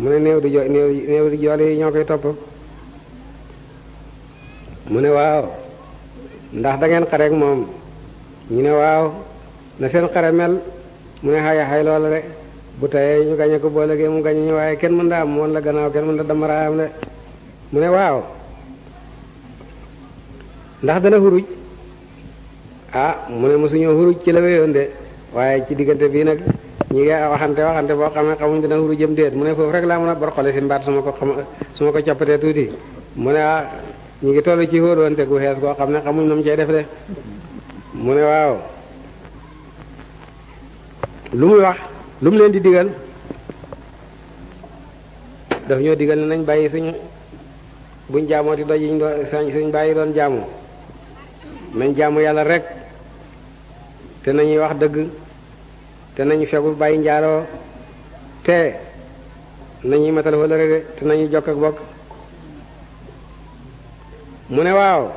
mu ne néew di jo néew di joole yi ñoo koy topp mu ne waaw ndax da ngeen moom ñu ne waaw na seen xare mel mu ne xaya xay loola bu tayee ñu gañe ko boo léegi mu gañe ñu waaye kenn mën da am woon la gannaaw kenn mën da damaraayam de mu ne waaw ndax dana xuruj ah mu ne mosuñoo xuruj ci la wéyoon de waaye ci diggante bii nag ñi ngi waxante waxante boo xam ne xamuñ dana xuruj jëm déet mu ne foofu rek laa mën a borxole si mbaat su ma ko xam su ma ko coppatee tuuti mu ne ah ngi toll ci xóolwante gu xees koo xam ne xamuñ nam cey def de mu ne waaw lu muy wax lu mu leen di digal daf ñoo digal ne nañ bàyyi suñu buñ jaamooti doj yiñ doon suñ bàyyi doon jaamu nañ jaamu yàlla rek te nañuy wax dëgg te nañu fegu bàyyi njaaroo te nañuy matal wëlëre de te nañuy jokk ak bokk mu ne waaw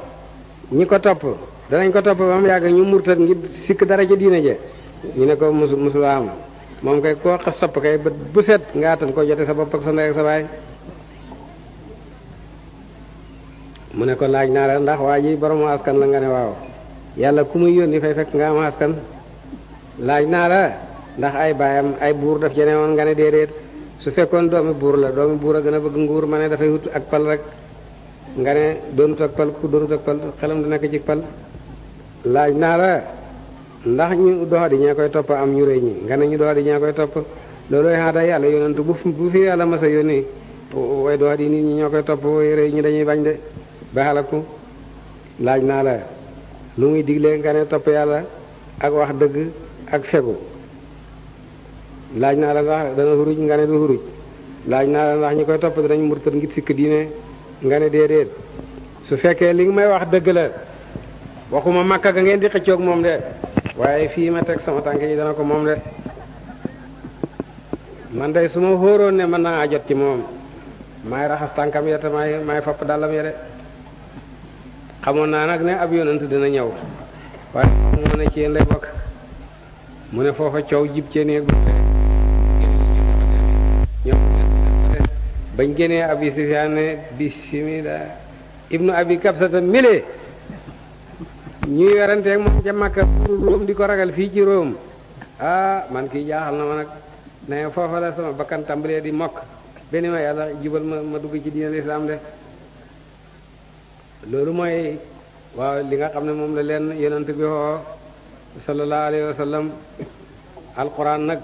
ñi ko topp danañ ko topp ba mu yàgg ñu murtat ngir sikk dara ca diine je ñu ne ko musul am moom kay koo xas sopp kay bët bu set nga atan ko jote sa bopp ak sa ndey ak sa baay mu ne ko laaj naa ndax waa ji borom askan la nga ne waaw yàlla ku muy yónni fay fekk nga am askan laaj naa la ndax ay baayam ay buur daf jene woon nga ne déedéet su fekkoon doomi buur la doomi buur a gën a bëgg nguur ma ne dafay wut ak pal rek nga ne doonut ak pal ku doonut ak pal xelam du nekk ci pal laaj naa ndax ñu doxadi ñee koy topp am ñu rëy ñi nga ne ñu doxadi ñee koy topp loolooy xaata yàlla yonentu bu bu fi yàlla mas a yónni way doxadi nit ñi ñoo koy topp way ñi dañuy bañ laaj naa la lu muy digle topp yàlla ak wax dëgg ak fegu laaj naa la ndax dana xuruj nga ne du xuruj laaj naa la ndax ñi koy topp danañ murtat ngir sikk diine nga ne déedéet su fekkee li nga may wax dëgg la waxuma makka ga ngeen di xëccoog moom de waaye fii ma teg sama tànk yi dana ko moom de man day su xóoroon ne mën naa jot ci moom maay raxas tànkam ya te maay maay fapp dàllam ya de xamoon naa nag ne ab yonent dina ñëw waaye moo ne ci yéen lay bokk mu ne foofa coow jib cee néeg bañ génnee abi Sufyaan ne bismillah ibnu abi kabsata mile ñuy weranteeg moom ca Makka Róom di ko ragal fii ci Róom ah man kii jaaxal na ma nag ne foofa la sama bakkan tàmbalee di mokk benn ma yàlla jubal ma dugg ci diinal islam de loolu mooy waaw li nga xam ne moom la leen yonent bi xoo sallallahu alayhi wa sallam alquran nag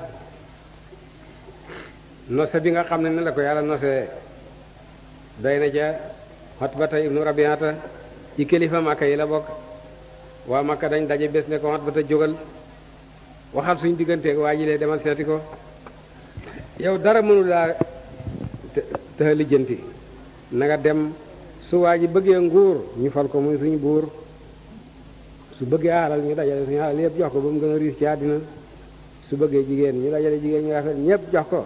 nose bi nga xam ne ne la ko yàlla nose doy na ca xotbata ibnu rabiata ci kilifa Makka yi la bokk waa Makka dañ daje bés ne ko mat ba te jógal waxal suñ digganteek waa ji lee demal seeti ko yow dara mënu laa tëxa lijjanti nanga dem su waa ji bëggee nguur ñu fal ko muy suñu buur su bëggee alal ñu dajale suñu alal yëpp jox ko ba mu gën a riis ci àddina su bëggee jigéen ñu dajale jigéen ñu rafet ñëpp jox ko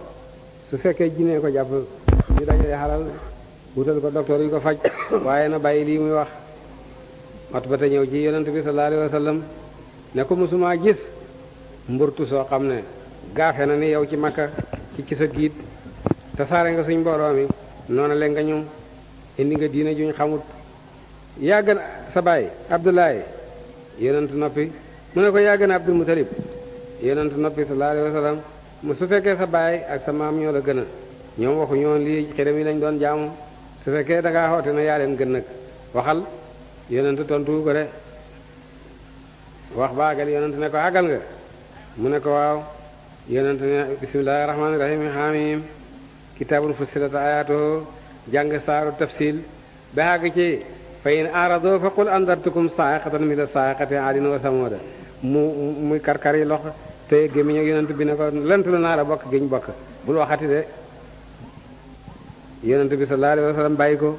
su fekkee jinee ko jàpp ñu dajale xalal wutal ko docteur yi ko faj waaye na bàyyi lii muy wax ba te ñëw ji yonent bi sallallahu alayhi wa sallam ne ko mësumaa gis mburtu soo xam ne gaafe na ni yow ci makka ci ci sa giit tasaare nga suñ mbooloo mi noona leen nga ñu indi nga diina juñ xamut yaa gën sa baay Abdoulaye yonent noppi mu ne ko yaa gën Abdul Mutalib yonent noppi sallallahu alayhi wa mu su fekkee sa baay ak sa maam ñoo la gën a ñoom waxu ñoon lii xerem yi lañ doon jaamu su fekkee da ngaa na yaa leen gën nag waxal yonent tontu ko de wax ba àggal yonent ne ko àggal nga mu ne ko waaw yonent ne bismillahi rahmaani rahim xaamim kitaabun fussilat ayaatuhu jàng saaru tafsil ba àgg ci fa in aradoo fa qul andartukum saaqatan mila saaqati aadin wa samuuda mu muy karkar yi lox te gémmiñ ak yonent bi ne ko lënt lu naa la bokk géñ bokk bul waxati de yonent bi sallallahu alayhi wa bàyyi ko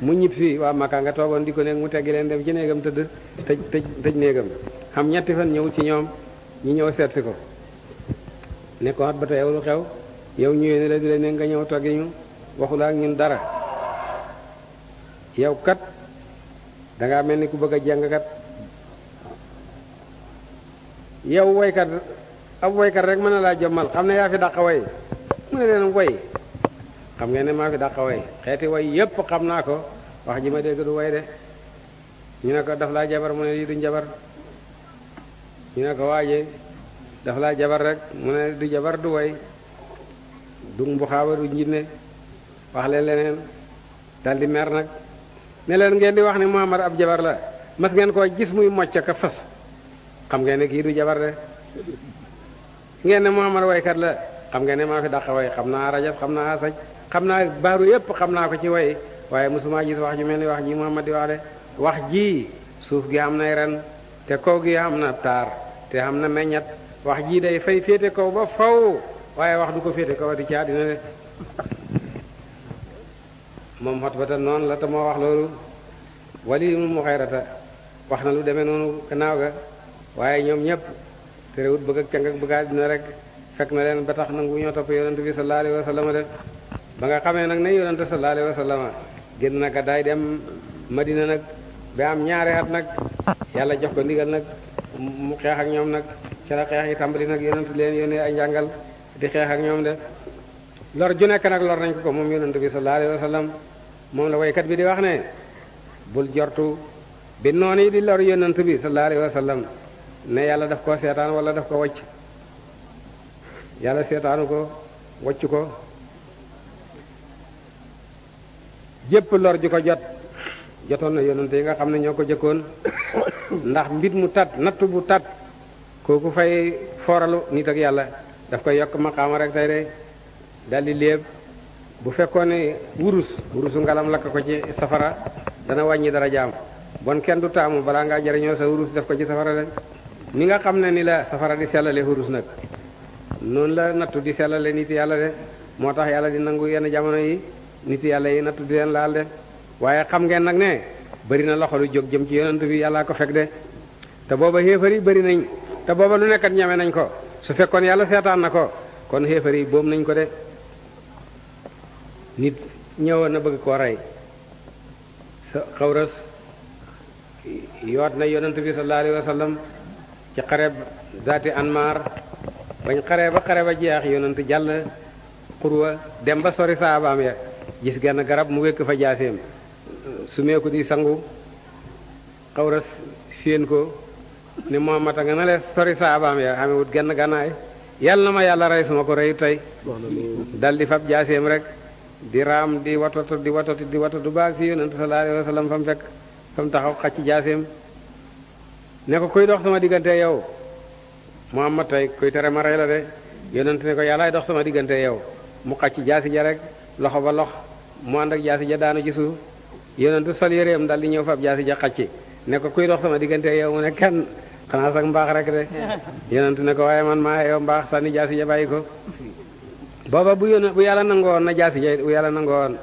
mu ñibbisi waa makaa nga toogoon di ko nekk mu teggi leen dem ci néegam tëdd tëj tëj tëj néegam xam ñetti fan ñëw ci ñoom ñu ñëw seet si ko ne ko at ba te yow lu xew yow ñëwee ne la di la ne nga ñëw toggi ñu waxula ak ñun dara yow kat dangaa mel ni ku bëgg a jàng kat yow woykat ab woykat rek mën na laa jommal xam ne yaa fi dàq way mu ne leen woy xam ngeen ne maa fi dàqa way xeeti way yépp xam naa ko wax ji ma dégg du way de ñu ne ko daf laa jabar mu ne di du jabar ne ko waaje daf laa jabar rek mu ne du jabar du way du mbuxaaba du njinne wax leen leneen dal di mer nag ne leen ngeen di wax ne Muhammad ab jabar la mas ngeen koo gis muy mocc ka fas xam ngeen ne kii du jabar de ngeen ne Muhammad waykat la xam ngeen ne maa fi dàqa way xam naa rajab xam naa asaj xam naa baaru yépp xam naa ko ci way waaye mosuma gis wax ju mel ni wax ji Muhammad di waale wax ji suuf gi am nay ren te kaw gi am na taar te am na meññat wax ji day fay féete kaw ba faw waaye wax du ko féete kaw di caa dina de moom xot ba noonu la te moo wax loolu wali mu xayrata wax na lu demee noonu gannaaw ga waaye ñoom ñëpp te réwut bëgg ak càng ak bëgg dina rek fekk na leen ba tax nangu ñoo topp yonent bi sallallahu alayhi wa sallam de ba nga xamee nag ne yonente sallallahu alayhi wa sallam génn na gàddaay dem Madina nag ba am ñaari at nag yàlla jox ko ndigal nag mu xeex ak ñoom nag ca xeex yi tàmbali nag yonente leen yónnee ay njàngal di xeex ak ñoom de lor ju nekk nag lor nañ ko ko moom yonente bi sa alayhi wa sallam moom la waykat bi di wax ne bul jortu bi noon yi di lor yonent bi sa alayhi wa sallam ne yàlla def ko seetaan wala def ko wacc yàlla seetaanu ko wacc ko jépp lor ju ko jot jotoon na yonente yi nga xam ne ñoo ko jëkkoon ndax mbit mu tat nattu bu tat kooku fay fooralu nit ak yàlla daf koy yokk maqaama rek tey de daldi léeb bu fekkoon ne wurus wurusu ngalam lakk ko ci safara dana wàññi dara jaam bon kenn du taamu balaa ngaa jariñoo sa wurus def ko ci safara de ni nga xam ne ni la safara di sellale wurus nag noonu la nattu di sellale nit yàlla de moo tax yàlla di nangu yenn jamono yi nit yàlla yi nattu di leen laal de waaye xam ngeen nag ne bëri na loxo lu jóg jëm ci yonent bi yàllaa ko fekk de te booba xéefar yi bëri nañ te booba lu nekkat ñame nañ ko su fekkoon yàlla seetaan na ko kon xéefar yi boobu nañ ko de nit ñëwoon na bëgg koo rey sa xawras yoot na yonent bi sallallahu alayhi wa sallam ci zaati anmar bañ xare ba xare ba jeex yonent jàll xurwa dem ba sori saabaam ya gis genn garab mu wékk fa jaaseem su meeku di sangu xawra séen ko ni Muhammad a nga le sori saabaam ya amewut genn gànnaay yàlla na ma yàlla rey ma ko reyu tey dal di fab jaaseem rek di raam di watatu di watatu di watatu baag si yonent sallallahu alayhi wa sallam fa mu fekk fa mu taxaw xacc jaaseem kuy dox sama diggante yow Muhammad tey kuy tere ma rey la de yonent ne ko yàllaay dox sama diggante yow mu xacc jaasi ja rek loxo ba lox mu ànd ak jaasi ja daanu ci suuf yonentu sol yëreem dal di ñëw fab jaasi ja ci ne ko kuy dox sama diggante yow mu ne kenn xanaa sax mbaax rek de yonentu ne ko waaye man ma yow mbaax sànni jaasi ja bàyyi ko booba bu yónn bu yàlla nangoo na jaasi ja bu yàlla nangoo woon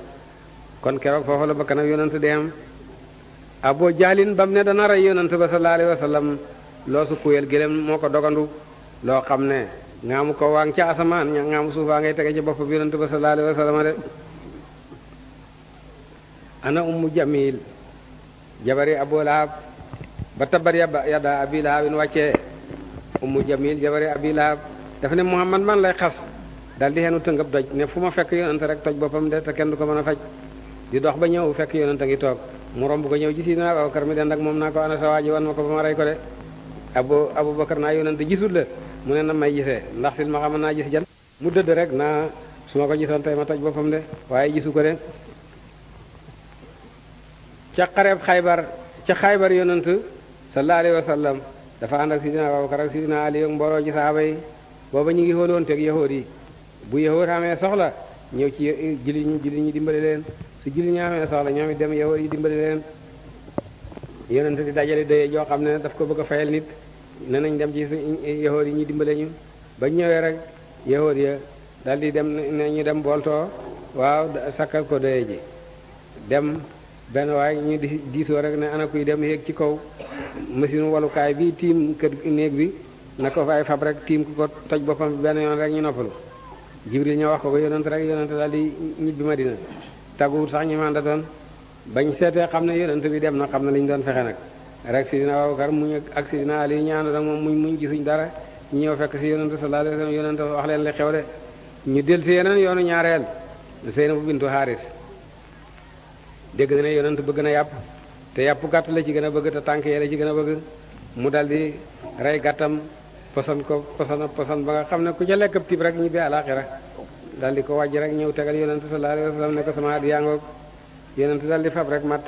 kon keroog foofu la bakkanam yonentu dem Abu Jaalin ba ne dana rey yonentu ba sallallahu alayhi wa sallam loo su kuyel gëlëm moo ko dogandu loo xam ne ngaamu kaw waa ngi ca asamaan ña ngay tege ci bopp bi yonent ba sallallahu alayhi wa sallam de ana ummu jamil jabari abu lahab ba tabar yadda abi lahabin wàccee ummu jamil jabari abi lahab dafa ne muhammad man lay xas dal di xenu tëngëb doj ne fu ma fekk yonent rek toj boppam de te kenn du ko mën a faj di dox ba ñëw fekk yonent a ngi toog mu romb ko ñëw gis naa Abubakar mi den ak moom naa ko ana sa waaji wan ma ko ba ma rey ko de abu abubakar naa yonent gisul la mu ne na may gisee ndax fil ma xam naa gis jan mu dëdd rek naa suma ko gisoon tey ma toj boppam de waaye gisu ko de ca xareeb xaybar ca xaybar yonent sallallahu alayhi dafa ànd ak sidina Abubakar ak sidina Ali ak ci saaba yi booba ñu ngi xóoloon teg yahood yi bu yahood amee soxla ñëw ci jullit ñi jullit ñi dimbali leen su jullit ñi amee soxla ñoom it dem yahood yi dimbali leen yonent di dajale dayee yoo xam ne daf ko bëgga a fayal nit ne nañ dem ci yahood yi ñu dimbale ñu bañ ñëwee rek yahood ya daal di dem ne ñu dem booltoo waaw sakkal ko doye ji dem benn waay ñu di diisoo rek ne ana kuy dem yéeg ci kaw machine wallukaay bi tiim kër néeg bi na ko fay fab rek tiim ku ko toj boppam benn yoon rek ñu noppalu jibril ñoo wax ko ko yonent rek yonent daal di ñibbi Madina tagguwut sax ñu màndatoon bañ seetee xam ne yonent bi dem na xam ne lañu doon fexe nag rek sidina Abubakar muñ ak sidina Ali ñaanu nag moom mu muñ gisuñ dara ñu ñëw fekk si yonente sallallahu alayhi wasallam yonente wax leen li xew ñu del si yeneen yoonu ñaareel Seynabu bintu Xaaris dégg na ne yonente bëgg na yàpp te yàpp gàtt la ci gën a bëgg te tànk yee la ci gën a bëgg mu dal di rey gàttam posan ko posan posan ba nga xam ne ku ca lekk tib rek ñibbi alaxira dal di ko wàjj rek ñëw tegal yonente sallallahu alayhi wasallam ne ko sama at yaa ngoog yonente dal fab rek mat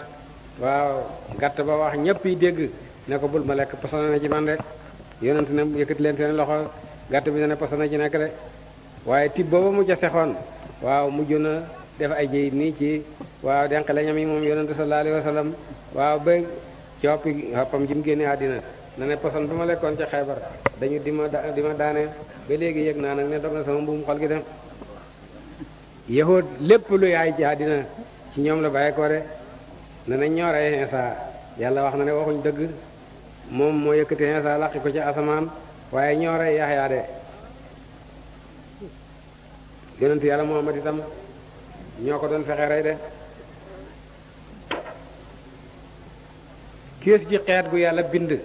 waaw gàtt ba wax ñëpp yi dégg ne ko bul ma lekk posona na ci man rek yonent ne yëkkati seen loxo gàtt bi ne posona ci nekk de waaye tib booba mu ja seexoon waaw mujj na def ay jëyit nii ci waaw denq la ñam yi moom yonent sa alayhi wa sallam waaw ba coppi xoppam ji mu génne àddina na poson ba ma lekkoon ca xeebar dañu di ma di ma daane ba léegi yëg naa nag ne dog na sama mbuum xol gi dem yahut lépp lu yaay ci àddina ci ñoom la bàyyeekoo de ne nañ ñoo yàlla wax na ne waxuñ dëgg moom moo yëkkati Insa laqi ko ci asamaan waaye ñoo rey Yaxya de yonent yàlla Muhammad itam ñoo ko doon fexe rey de kiis ji xeet gu yàlla bind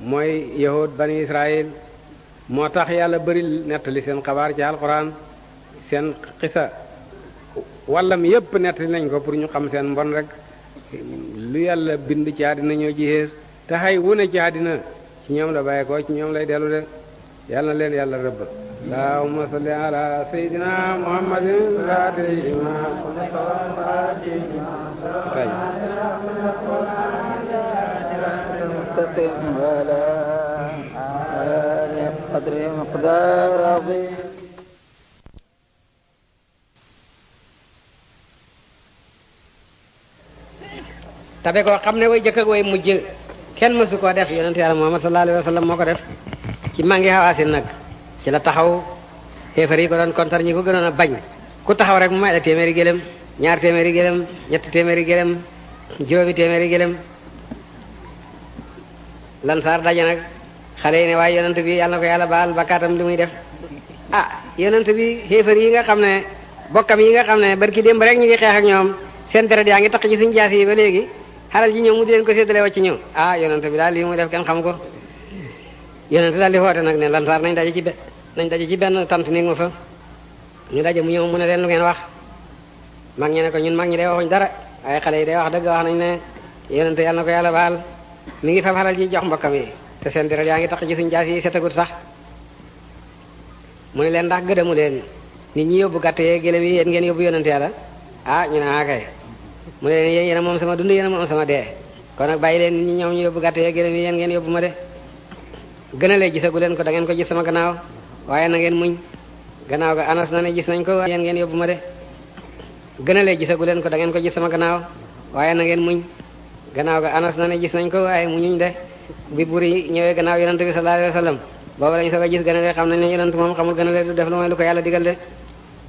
mooy yahud bani israil moo tax yàlla bëri nettali seen xabaar ci alquran seen xisa wàllam yépp nettali nañ ko pour ñu xam seen mbon rek lu yàlla bind ci àddina ñoo ci xees te xay ci àddina ñoom la bàyyi ko ci ñoom lay dellu de yàlla leen yàlla rëbb allahumma salli ala sayidina muhammadin fatihima مستقيم ولا عالم قدر مقدار عظيم tabe koo xam ne way jëkk ak way mujj kenn mësu koo def yonent yàlla muhammad sallallahu alayhi wa sallam moo ko def ci mangi xawaasin nag ci la taxaw xeefar yi ko doon kontar ñi ko gënoon a bañ ku taxaw rek mu may la téeméeri gélém ñaar téeméeri gélém ñetti téeméeri gélém juróomi téeméeri gélém lansaar daje nag xale yi ne waaye yonent bi yàlla ko yàlla ba bakkaatam li muy def ah yonent bi xeefar yi nga xam ne bokkam yi nga xam ne barki démb rek ñu ngi xeex ak ñoom seen deret yaa ngi tax ci suñu jaas yi ba léegi xaral ji ñëw mu di leen ko séddale wàcc ñëw ah yonent bi daal lii muy def kenn xam ko yonent daal di woote nag ne lansaar nañ daje ci be nañ daje ci benn tant ni ma fa ñu daje mu ñëw mu ne leen lu ngeen wax mag ñi ko ñun mag ñi day waxuñ dara waaye xale yi day wax dëgg wax nañ ne yonent yàlla na ko yàlla baal mi ngi fab xaral ji jox mbokkam yi te seen deret yaa ngi tax ci suñ jaas yi setagut sax mu ne leen ndax gëdamu leen nit ñi yóbbu gàtt yee gélém yi yéen ngeen yóbbu yonent yàlla ah, ñu ne ah mu ne leen yéen a moom sama dund yéen moom sama dee kon nag bàyyi leen ñi ñoom ñu yóbbu gàtt yi yéen ngeen yóbbu ma de gënalee gisagu leen ko da ngeen ko gis sama gannaaw waaye na ngeen muñ gannaaw ga anas na ne gis nañ ko yéen ngeen yóbbu ma de gënalee gisagu leen ko da ngeen ko gis sama gannaaw waaye na ngeen muñ gannaaw ga anas na ne gis nañ ko waaye muñuñ de bi bur yi ñëwee gannaaw yonent bi sallallahu alayhi wa sallam boobu lañ soog a gis gënalee xam nañ ne yonent moom xamul gënalee du def lu mooy lu ko yàlla digal de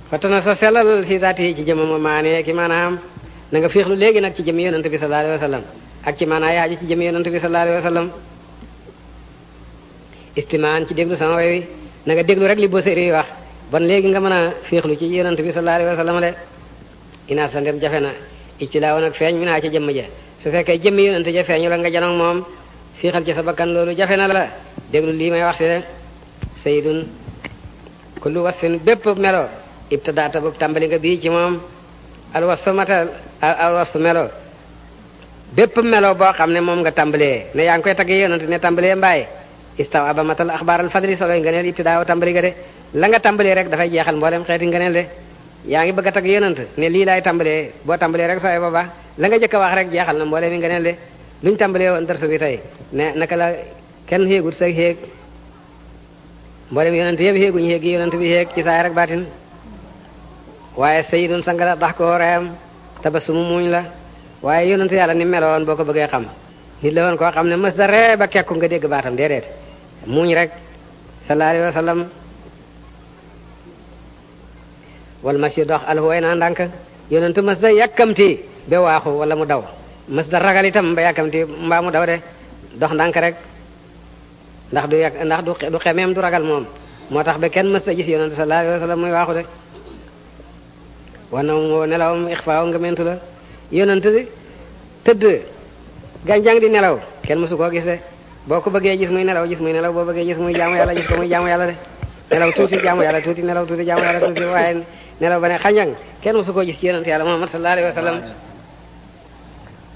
fatana sa sellal xiisaat yi ci jëmam ma maanee ki na nga féexlu léegi nag ci jëmm yonent bi sallallahu alayhi wa sallam ak ci maanaa yaaji ci jëmi yonent bi sallallahu alayhi wa sallam istimaan ci déglu sama way wi na nga déglu rek li Busiri wax bon léegi nga mën a féexlu ci yonent bi sallallahu alayhi wa sallam le inaa sa ndem jafe na ictilaa woon ak feeñ mi naa ci jëmm ja su fekkee jëmm yonent ja feeñu la nga janoog moom fiixal ci sa bakkan loolu jafe na la déglu lii may wax si de sayyidun kullu wasfin bépp melo ibtadaata bu tàmbali nga bii ci aw wasu melo bépp melo boo xam ne moom nga tàmbalee ne yaa ngi koy tagge yonante ne tàmbalee mbaaye istaw aba matal axbaaral fadli soloy ngëneel ibtidaaw tàmbali ga de la nga tàmbalee rek dafay jeexal mboolem xeeti ngëneel de yaa ngi bëgg tag tagg yonant ne lii laay tàmbalee boo tàmbalee rek sooy booba la nga jëkk wax rek jeexal na mboolem yi ngëneel de luñ tàmbalee woon dërtu bi tey ne naka la kenn xéegut sa xéeg mboolem yonant yëpp xéeguñu xéeg yi bi xéeg ci saay rek baatin waaye sayidun sanga la dax tabasumu muuñ la waaye yonentu yàlla ni meloon boo ko bëggee xam nit la woon koo xam ne mës ree ba kekku nga dégg baatam déedéet muuñ rek sallallahu alayhi wa sallam wal masi dox alhuway naa ndànk yonentu mës da yàkkamti be waaxu wala mu daw mës da ragal itam ba yàkkamti mbaa mu daw de dox ndànk rek ndax du yàq ndax du xemeem du ragal moom moo tax ba kenn mës a gis yonentu sallallahu alayhi wa sallam muy waaxu de wana woo nelawam ixfaaw nga mentu la yonent tëdd gàncax di nelaw kenn mësu koo gis de boo ko bëggee jis muy nelaw gis muy nelaw boo bëggee gis muy jaamu yàlla gis ko muy jaamu yàlla de nelaw tuuti jaamu yàlla tuuti nelaw tuuti jaamu yàlla tuuti waaye nelaw ba ne xanjang kenn mësu koo gis ci yonent yàlla Muhammad sallallahu alayhi wa sallam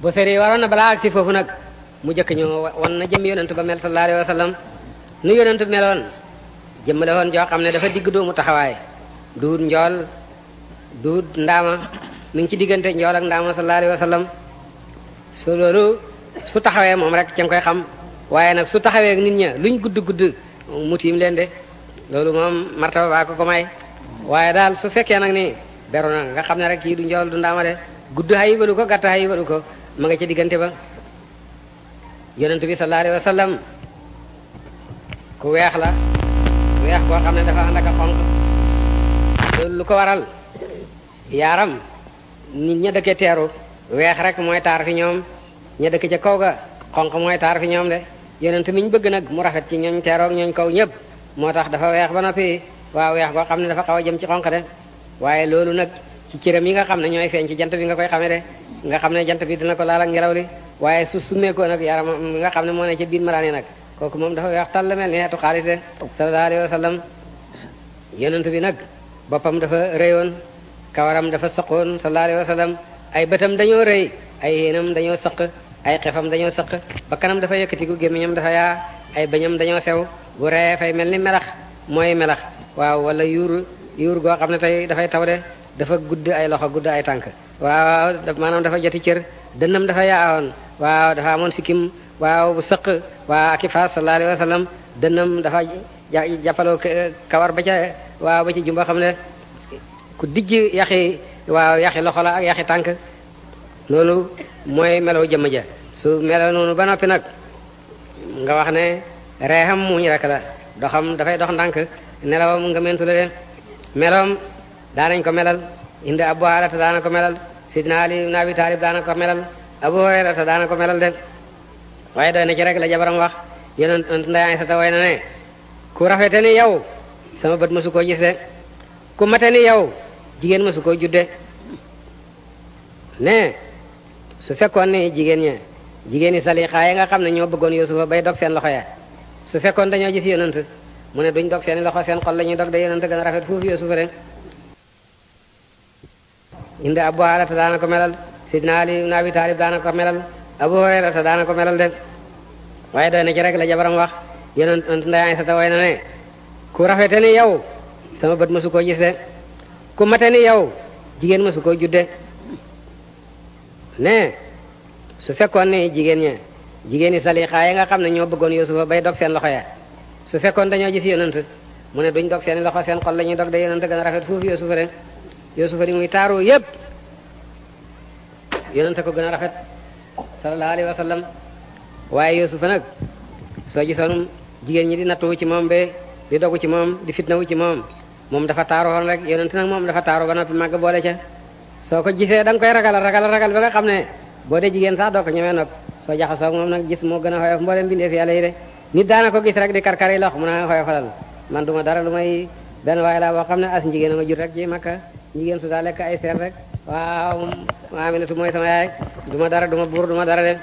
bu seri waroon na balaa agsi foofu nag mu jëkk ñu wan na jëm yonent ba mel sallallahu alayhi wa sallam nu yonent meloon jëmmale woon joo xam ne dafa digg doomu taxawaay duur du ndaama mi ngi ci diggante njool ak ndaama sallallahu alayhi wa sallam su su taxawee moom rek ca nga koy xam waaye nag su taxawee nit ña luñ gudd gudd mu tiim leen de loolu moom martaba baa ko ko may waaye daal su fekkee nag ni beru na nga xam ne rek kii du njool du ndaama de gudd xayibalu ko gàtt xayibalu ko ma nga ca diggante ba yonent bi sallallahu alayhi wa sallam ku weex la weex koo xam ne dafa ànd ak a xonq loolu lu ko waral yaaram nit ña dëkke weex rek mooy taar fi ñoom ña dëkk ca kaw ga xonq mooy taar fi ñoom de yonent mi ñu bëgg nag mu rafet ci ñooñ teeroog ñooñ kaw ñëpp moo tax dafa weex ba noppi waaw weex koo xam ne dafa xaw a jëm ci xonq de waaye loolu nag ci cëram yi nga xam ne ñooy feeñ ci jant bi nga koy xamee de nga xam ne jant bi dina ko laal ak ngelaw li waaye su summeekoo nag yaram mi nga xam ne moo ne ca biir maraane nag kooku moom dafa weex tàll mel ni xeetu xaalis de sallallahu alayhi wa bi nag boppam dafa réyoon kawaram dafa saqoon sallallahu alayhi wa sallam ay bëtam dañoo rëy ay yéenam dañoo sëq ay xefam dañoo sëq bakkanam dafa yëkkatiku gémmiñam dafa yaa ay bañam dañoo sew bu ree mel ni melax mooy melax waaw wala yuur yuur goo xam ne tey dafay taw de dafa gudd loxo gudd ay tànk waaw maanaam dafa joti cër dënnam dafa yaawoon waaw dafa amoon sikkim waaw bu sëq waaw ak i faas wa sallam dënnam dafa jàppaloo kawar ba ca jumba xam ne ku dijj yaxi waa yaxi loxo la ak yaxi tànk loolu mooy melaw jëmm ja su melaw noonu ba noppi nag nga wax ne reexam muuñ rek la doxam dafay dox ndànk nelawam nga mentu la de daanañ ko melal indi abu haalata daana ko melal sidna naa ibn abi taalib daana ko melal abu hurayrata daana ko melal de waaye doy na ci rek la jabaram wax yonent nday Aysata way na ne ku rafete ni yow sama bët mësu koo gis de ku mate ni yow jigéen mësu koo judde ne su fekkoon ne jigéen ña jigéen ñi salixaa yi nga xam ne ñoo bëggoon Yuusufa bay dog seen loxo ya su fekkoon dañoo gis yonent mu ne duñ dog seen loxo seen xol la ñuy dog de yonent gën a rafet foofu Yuusufa rek inda Abu Hurayra daana ko melal Sidna Ali ibn Abi Talib daana ko melal Abu Hurayra daana ko melal de waaye doy na ci rek la jabaram wax yonent ndey Aysata way na ne ku rafete ni yow sama bët mësu koo gis ku mate ni yow jigéen ma su ko judde ne su fekkoon ne jigéen ña jigéen ñi salixaa yi nga xam ne ñoo bëggoon Yuusufa bay dog seen loxo ya su fekkoon dañoo gis yonent mu ne duñ dog seen loxo seen xol la ñuy dog de yonent gën a rafet foofu Yuusufa de Yuusufa di muy taaroo yépp yonent ko gën a rafet sallallahu alayhi wa sallam waaye Yuusufa nag soo gisoon jigéen ñi di nattuwu ci moom be di dogu ci moom di na ci moom moom dafa taaru woon rek yonent nag moom dafa taaru ba noppi màgg boole ca soo ko gisee da nga koy ragal a ragal ba nga xam ne boo dee jigéen sax doo ko ñemee nopp soo jaxasoo moom nag gis moo gën a xoyof mbooleem mbindeef yàlla yi de ko gis rek di karkar yi lox mun a xoyofalal man duma dara lu may benn waaye laa boo xam ne as njigéen ma jur rek ji makka njigéen su ay seer rek waaw Aminatu mooy sama yaay duma dara duma buur duma dara de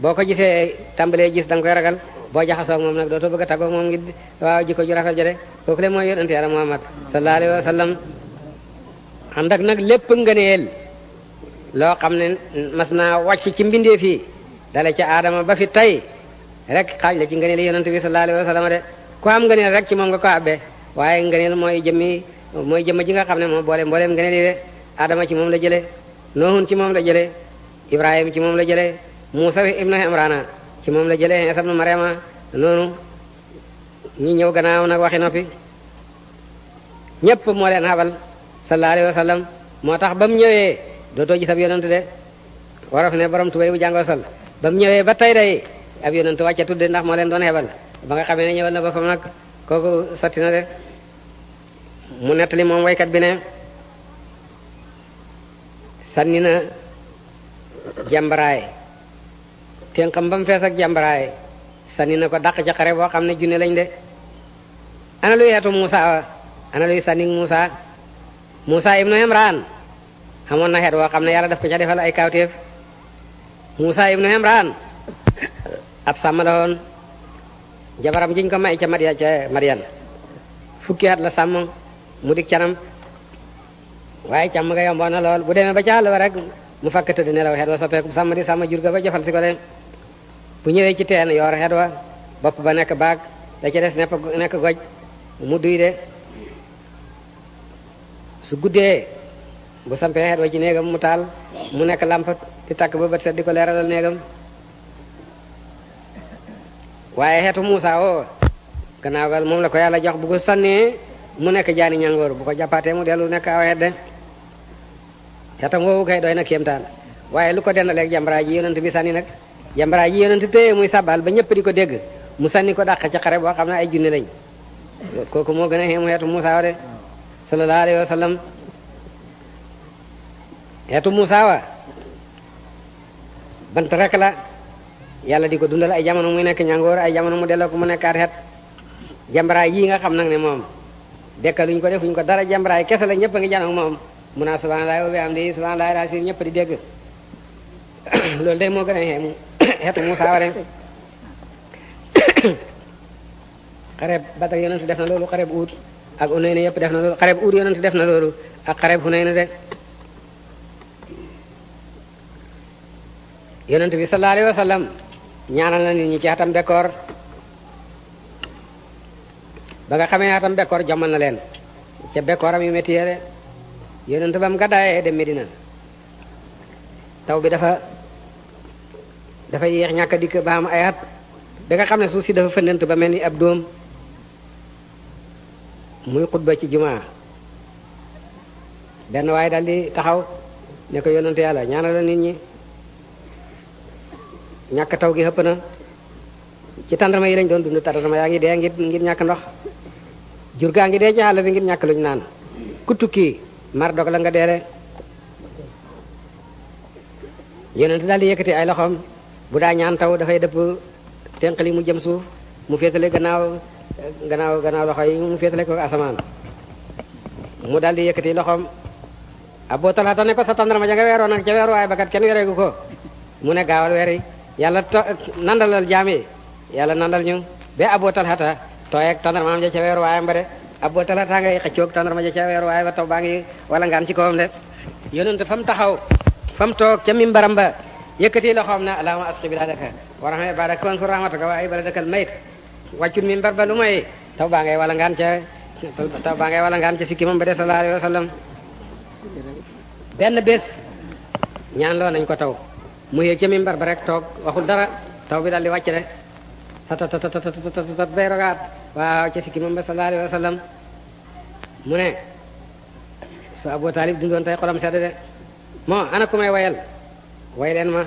boo ko jisee tambalee jis da nga koy ragal boo jaxasoo moom nag dootoo bëgg a tàggoo moom ngi waaw jikko ju rafet ja de kooku le mooy yonent yàlla Muhammad sallallahu alayhi wa sallam ànd ak nag lépp ngëneel loo xam ne mas naa wàcc ci mbindeef fii dale ca aadama ba fi tey rek xaaj la ci ngëneel yonent bi sallallahu alayhi wa sallam de ku am ngëneel rek ci moom nga ko abbe waaye ngëneel mooy jëmmi mooy jëmm ji nga xam ne moom boole mbooleem ngëneel yi de aadama ci moom la jële noohun ci moom la jële ibrahim ci moom la jële muusa ibnu imrana ci moom la jële isa ibnu mariama noonu ñi ñëw gannaaw nag waxi noppi ñépp moo leen xabal sallallahu alayhi wa moo tax ba mu ñëwee dootoo gis ab yonent de warof ne borom tubay bu jàngoo sol ba mu ñëwee ba tey day ab yonent wàcce tudde ndax moo leen doon xebal ba nga xamee ne ñëwal na ba fam nag kooku sotti na de mu nettali moom waykat bi ne sànni na jàmbaraay tenqam ba mu fees ak jàmbaraay sànni na ko daq ci xare boo xam ne junne lañ de ana luy xetu Muusa wa ana luy sànnig Muusa Muusa ibnu Imraan xamoon na xet woo xam ne yàlla def ko ca defal ay kawteef Muusa ibnu Imraan ab sàmm la woon jabaram jiñ ko may ca Madiyan ca Madiyan fukki at la sàmm mu dik canam waaye càmm nga yomboon na lool bu demee ba ca àll ba rek mu fakk tëdd nelaw xet wa soppeeku sàmm di sàmm jur ga ba jafal si ko leen bu ñëwee ci teen yoor xet wa bopp ba nekk baag da ci des nekk goj mu duy de su guddee bu sampee xet wa ci néegam mu taal mu nekk làmp di takk ba bët set di ko leeralal néegam waaye xeetu Muusa woo gannaaw gal moom la ko yàlla jox bu ko sànnee mu nekk jaani ñangoor bu ko jàppaatee mu dellu nekk aw xet de xetam woowu kay doy na kéemtaan waaye lu ko dendaleeg jàmbaraa ji yonent bi sànni nag jàmbaraa ji yonent téye muy sàbbaal ba ñëpp di ko dégg mu sànni ko dàq ci xare boo xam ne ay junne lañ kooku moo gën a xeemu xeetu Musaa wa de sallallahu alayhi wa sallam xeetu Musaa wa la yàlla di ko dundal ay jamono muy nekk ñangoor ay jamono mu delloo ko mu nekkaat xeet jambaraay yii nga xam nag ne moom dekkaluñ ko defuñ ko dara jambaraay kese la ñëpp ngi janoog moom mu a subhanallahi wa bihamdihi subhanallahi al-azim ñëpp di dégg loolu day moo gën a xeemu xeetu Musaa de xareb Badar yonent def na loolu xareb Uhud ak yëpp def na loolu xareb Uhud yonent na loolu ak xareb Hunayna de yonent bi sallallahu alayhi wa sallam ñaanal na nit ñi ci atam bekkoor ba nga xamee atam bekkoor jàmmal na leen ca bekkooram yu métti de yonent ba mu gàddaayee dem Medina taw bi dafa dafa yéex ñàkk a dikk ba am ay at bi nga xam ne suuf si dafa fëndant ba mel ni ab doom muy xutba ci jumaa benn waaye daal di taxaw ne ko yonante yàlla ñaanal nit ñi ñàkk taw gi xëpp na ci tàndarma yi lañ doon dund tàndarma yaa ngi dee ngir ngir ñàkk ndox jur gaa ngi dee ci àll bi ngir ñàkk luñ naan ku tukki mar dog la nga deere yonente daal di yëkkati ay loxoom bu daa ñaan taw dafay dëpp tenqali mu jëm suuf mu féetale gannaaw gannaaw gannaaw loxo yi mu féetale ko asamaan mu daal di yëkkati loxoom Abu Talha ne ko sa tàndarma ja nga weeroon nag ca weeru waaye bakat kenn wereegu ko mu ne gaawal yi yàlla to nandalal ja ca weeru waayam ba de Abu Talha ngay xëccoog tàndarma ja ca weeru ba taw baa ngi wala ngaan ci kawam de yonent fa mu taxaw fa mu toog ca mimbaram ba yëkkati loxoom na allahumma asqi biladaka wa rahma ibadaka wansur rahmataka wa ay baladaka al mayt wàccut min bar ba lu may taw baa ngay wala ngaan ca taw baa ngay wala ngaan ca sikki moom ba de sallallahu alayhi wa sallam benn bés ñaan loo nañ ko taw mu yëg ca mimbar ba rek toog waxul dara taw bi daal di wàcc de satatatatatatatat bay rogaat waaw ca sikki moom ba sallallahu alayhi wa sallam mu ne su Abu Talib dundoon tey xolam sedd de moo ana ku may wayal way leen ma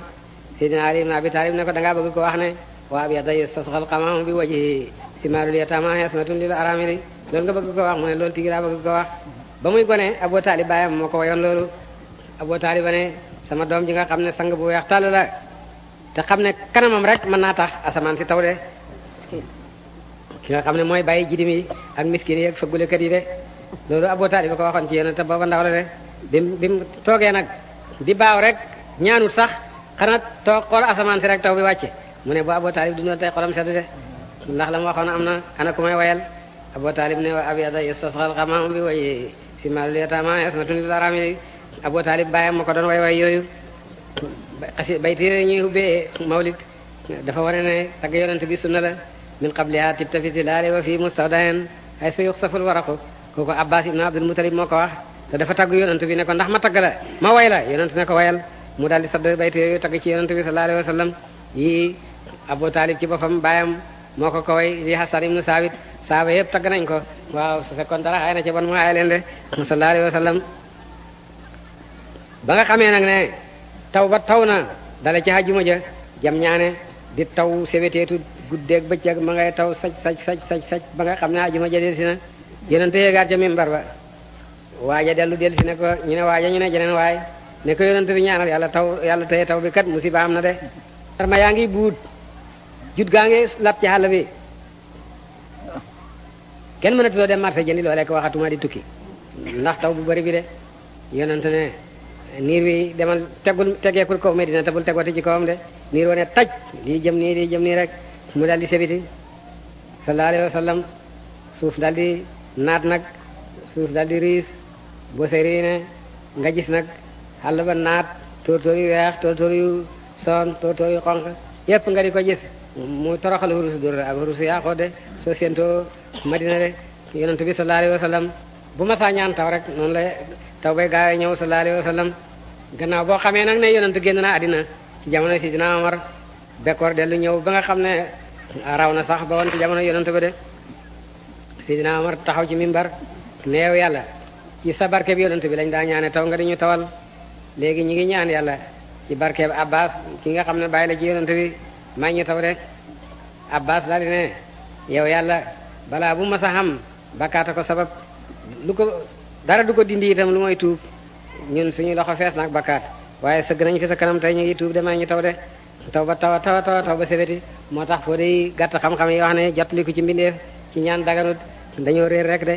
Seydina Ali ibn Abi Talib ne ko da ngaa bëgg ko wax ne waabyada yastasxal xamaamu bi wajihi simaarul yataama yasmatun lil aramili loolu nga bëgg ko wax mu ne loolu tigi laa ko wax ba muy gone Abu Taalib baayam moo ko wayoon loolu Abu Taalib ne sama doom ji nga xam ne sang bu weex tàll la te xam ne kanamam rek mën naa tax asamaan si taw de ki nga xam ne mooy bay jidim yi ak miskin yi ak fëggulekat yi de loolu Abu Taalib ko waxoon ci yéen te booba ndaw la de bim bi mu toogee nag di baaw rek ñaanut sax xanaa toog xool asamaan si rek taw bi wàcce mu ne bu Abu Taalib dundoon tey xolam sedd de ndax la mu waxoon am na ana ku may wayal Abu Taalib ne wa abyada yastasxal xamaam bi way si malul yataama yasmatun lil araami Abu Taalib bàyyam ma ko doon way way yooyu xasi bayti yooyu ñuy ubbee mawlid dafa wane ne tagg yonent bi sunna la min qabliha tibta fi zilaali wa fi mustawdaen hay sa yuxsaful waraqu kooku Abbas ibn Abdul Mutalib moo ko wax te dafa tagg yonent bi ne ko ndax ma tagg la ma way la yonent ne ko wayal mu daal di sadd bayti yooyu tagg ci yonent bi sallallahu alayhi wa sallam Abu Talib ci boppam baayam moo ko ko way li Hasan ibnu Saabit saaba yëpp tagg nañ ko waaw su fekkoon dara xay na ci bon mu xay leen de sallallahu alayhi wa ba nga xamee nag ne taw ba taw na dala ci hajjuma ja jam ñaane di taw seweteetu guddeeg bëccëg ma ngay taw saj saj saj saj saj ba nga xam ne hajjuma ja del si na yonente yéegaat ca mimbar ba waaja dellu del si ne ko ñu ne waaja ñu ne jeneen waay ne ko yonente bi ñaanal yàlla taw yàlla teye taw bi kat musiba am na de jut gaa ngee lab ci xàll bi kenn mënatuloo de marché jëndi loo lekk waxatuma di tukki ndax taw bu bari bi de yonent ne niir wi demal tegul tegeekul kaw mais dina tabul tegooti ci kawam de niir wane taj lii jëm nii lii jëm nii rek mu daal di sebiti sallallahu alayhi wa suuf daal di naat nag suuf daal di riis boseri nga gis nag xàll ba naat tóortóor yu weex tóortóor yu son tóortóor yu xonq yëpp nga di ko gis mu toroxal xurusu dóor ak xurusu yaaxoo de soo séentoo madina de yonent bi sallallahu alayhi wa sallam bu ma saa ñaan taw rek noonu la taw bay gaawee ñëw sallallahu alayhi wa sallam gannaaw boo xamee nag ne yonent génn na àddina ci jamono si dina Omar bekkoor dellu ñëw ba nga xam ne raw na sax ba woon ci jamono yonent ba de Seydina Omar taxaw ci mimbar neew yàlla ci sa barkeb yonent bi lañ daa ñaane taw nga di ñu tawal léegi ñi ngi ñaan yàlla ci barkeb Abbas ki nga xam ne bàyyi la ci bi may ñu taw rek abbas daal di ne yow yàlla balaa bu mas a xam bakkaata ko sabab lu ko dara du ko dindi itam lu mooy tuub ñun suñu loxo fees nag bakkaat waaye sëgg nañ fi sa kanam tey ñu ngi tuub de may ñu taw de taw ba taw taw taw taw ba sebeti moo tax foo day gàtt xam-xam yi wax ne jotliku ci mbindeef ci ñaan daganut dañoo réer rek de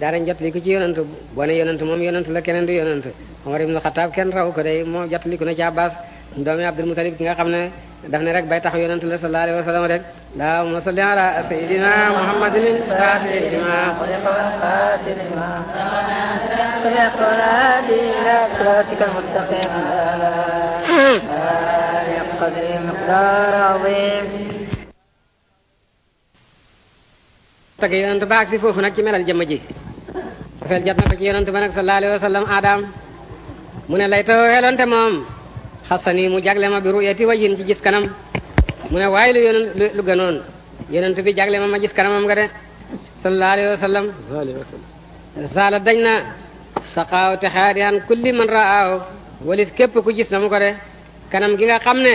daarañ jotliku ci yonantu boo ne yonantu moom yonantu la keneen du yonantu Omar ibnu Xataab kenn rawu ko day moo jotliku na ci doomi Abdul Mutalib ki nga xam ne daf ne rek bay tax yonent la sallallahu alayhi wa sallam rek allahumma salli ala sayyidina muhammadin faatihi lima ughliqa wal khaatimi lima sabaqa wal haadi ila siraatikal mustaqiim qadri miqdaar azim tagg yonent ba ak si foofu nag ci melal jëmm ji rafet jot na ko ci yonent ba nag sallallahu alayhi wa sallam adam mu ne lay taw xelonte moom xasani mu jagle ma bi ruyati wajin ci gis kanam mu ne lu yonent lu gënoon yonent bi jagle ma ma gis kanamam nga de saala dañ na saqaaw te xaadi han kulli man raaw walis képp ku gis na mu ko de kanam gi nga xam ne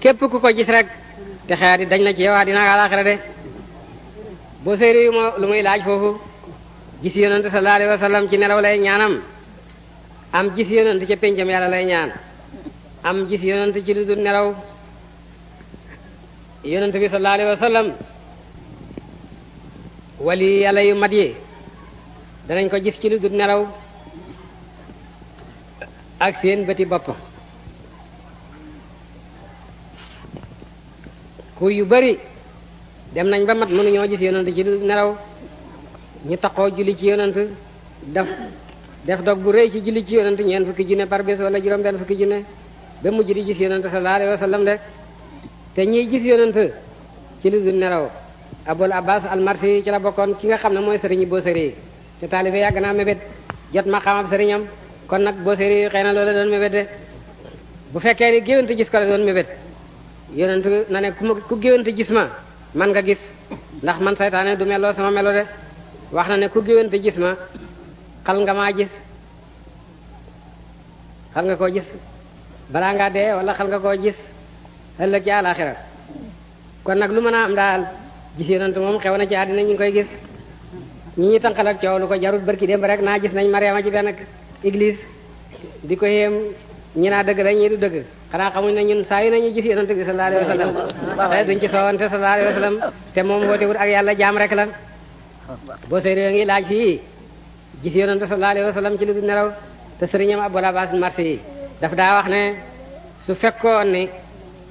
képp ku ko jis rek te xaadi dañ na ci yow àddina ak àllaaxira de boo séeri yu ma lu muy laaj foofu gis yonent sallallahu alayhi wa sallam ci nelaw lay ñaanam am gis yonent ca péncam lay ñaan am jis yonent ci lu dul nelaw yonent bi sallallahu alayhi wa sallam wali yàlla yu mat yi danañ ko jis ci lu dul nelaw ak seen bëti bopp ku yu bari dem nañ ba mat mënuñoo gis yonent ci lu dul nelaw ñu taxoo julli ci yonent def def dog bu rëy ci julli ci yonent ñeent fukki junne par bés wala juróom benn fukki junne ba mujj di gis yonent sallallahu alayhi wa sallam de te ñiy gis yonent ci lu dul nelaw abul abbas almarsi ci la bokkoon ki nga xam ne mooy sëriñi Booseri te taalibe yàgg naa mébét jot ma xam ab sëriñam kon nag Booseri xëy na loola doon mébét de bu fekkee ni géwénte gis ko la doon mébét yonent na ne ku ma ku géwénte gis ma man nga gis ndax man seytaane du meloo sama melo de wax na ne ku géwénte gis ma xal nga maa gis xal nga koo gis balaa ngaa dee wala xal nga koo gis ëllëg ci àlaxira kon nag lu mën a am daal gis yonent moom xew na ci àddina ñu ngi koy gis ñi ñuy tànqal ak coow lu ko jarut barki démb rek naa gis nañ Mariama ci benn église di ko yéem ñi naa dëgg la ñii du dëgg xanaa xamuñ na ñun saa yu nañu gis te bi sallallahu alayhi wa sallam te duñ ci soowante sallallahu alayhi wa sallam te moom woote wut ak yàlla jaam rek la boo seeré ngi laaj fii gis yonent sallallahu alayhi wa sallam ci lu du nelaw te sëriñam Abul Abbas yi daf daa wax ne su fekkoon ni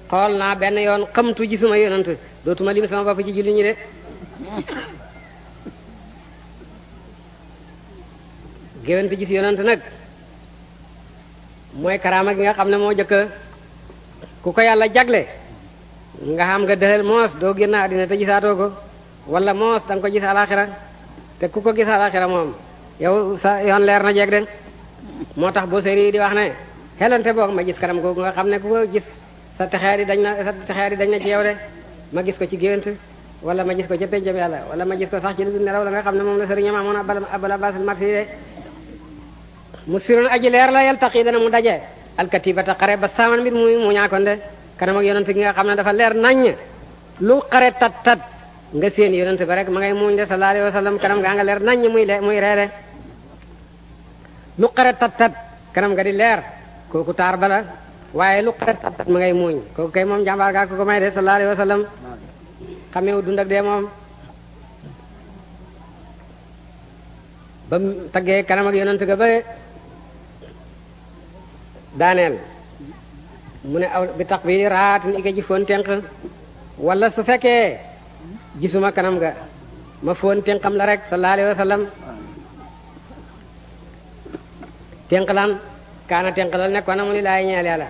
xool naa benn yoon ji gisuma yonant dootuma lim sama bopp ci julli ñi de géwéntu gis yonant nag mooy karaama gi nga xam ne moo jëkk ku ko yàlla jagle nga xam nga dëxal moos doo génn àddina te gisaatoo ko wala moos da ko gis alaxira te ku ko gis alaxira moom yow sa yoon leer na jeeg de moo tax boo séri di wax ne xelante boog ma gis kanam googu nga xam ne ku ko gis sa texeer yi dañ na sa texeer dañ na ci yow de ma gis ko ci gént wala ma gis ko ca pénjam yàlla wala ma gis ko sax ci lu la nga xam ne moom la sëriñam amoon abal abasil marsi de mu sirun aji leer la yal taqi dana mu daje alkatibata xare ba saaman mbir muy mu ñaakoon de kanam ak yonent gi nga xam ne dafa leer naññ lu xare tat nga seen yonent ba rek ma ngay muuñ de sallallahu alayhi wa sallam kanam gaa nga leer naññ muy le muy reere lu xare tat tat kanam nga di leer kooku taar bala waaye lu xet xat ma ngay muuñ kooku kay moom jàmbaar gaa ko ko may de sallallahu alayhi wa sallam dee moom ba taggee kanam ak yonent ga bare daaneel mu ne aw bi tax bi raatin i ga ji foon tenq wala su fekkee gisuma kanam ga ma foon tenqam la rek sallallahu alayhi wa tenq lan kaana tenqalal nekkoon amul ilaay ñeel yàlla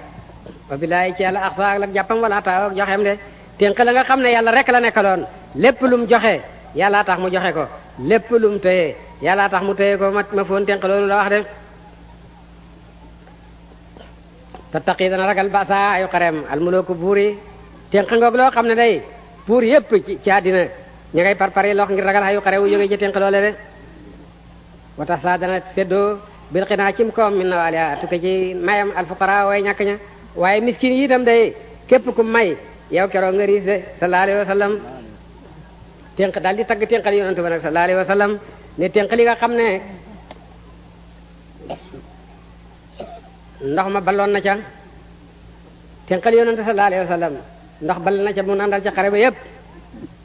wa bilaay ci yàlla ak soo ak la jàppam wala taa ak joxeem de tenqala nga xam ne yàlla rek la nekkaloon lépp lum joxe yàlla tax mu joxe ko lépp lum téye yàllaa tax mu téye ko ma ma foon tenqaloonu la wax de tattaqi dana ragal basa ayu xarem almulooku buur yi tenq ngoog loo xam ne day buur yépp ci àddina ña ngay parpari lox ngir ragal ayu xare ci tenq loole de watax saa dana séddoo bil xinaa cim koom min na waaliha tukki ci mayam alfuqara way ñàkk ña waaye miskin yi itam day képp ku may yow keroo nga riis de sallallahu alayhi wa sallam ténq daal di tagg ténqali yonentu ba nag sallallahu alayhi wa sallam ne ténqali nga xam ne ndox ma balloon na ca ténqali yonentu sallallahu alayhi wa sallam ndox bal na ca mu nandal ca xare ba yépp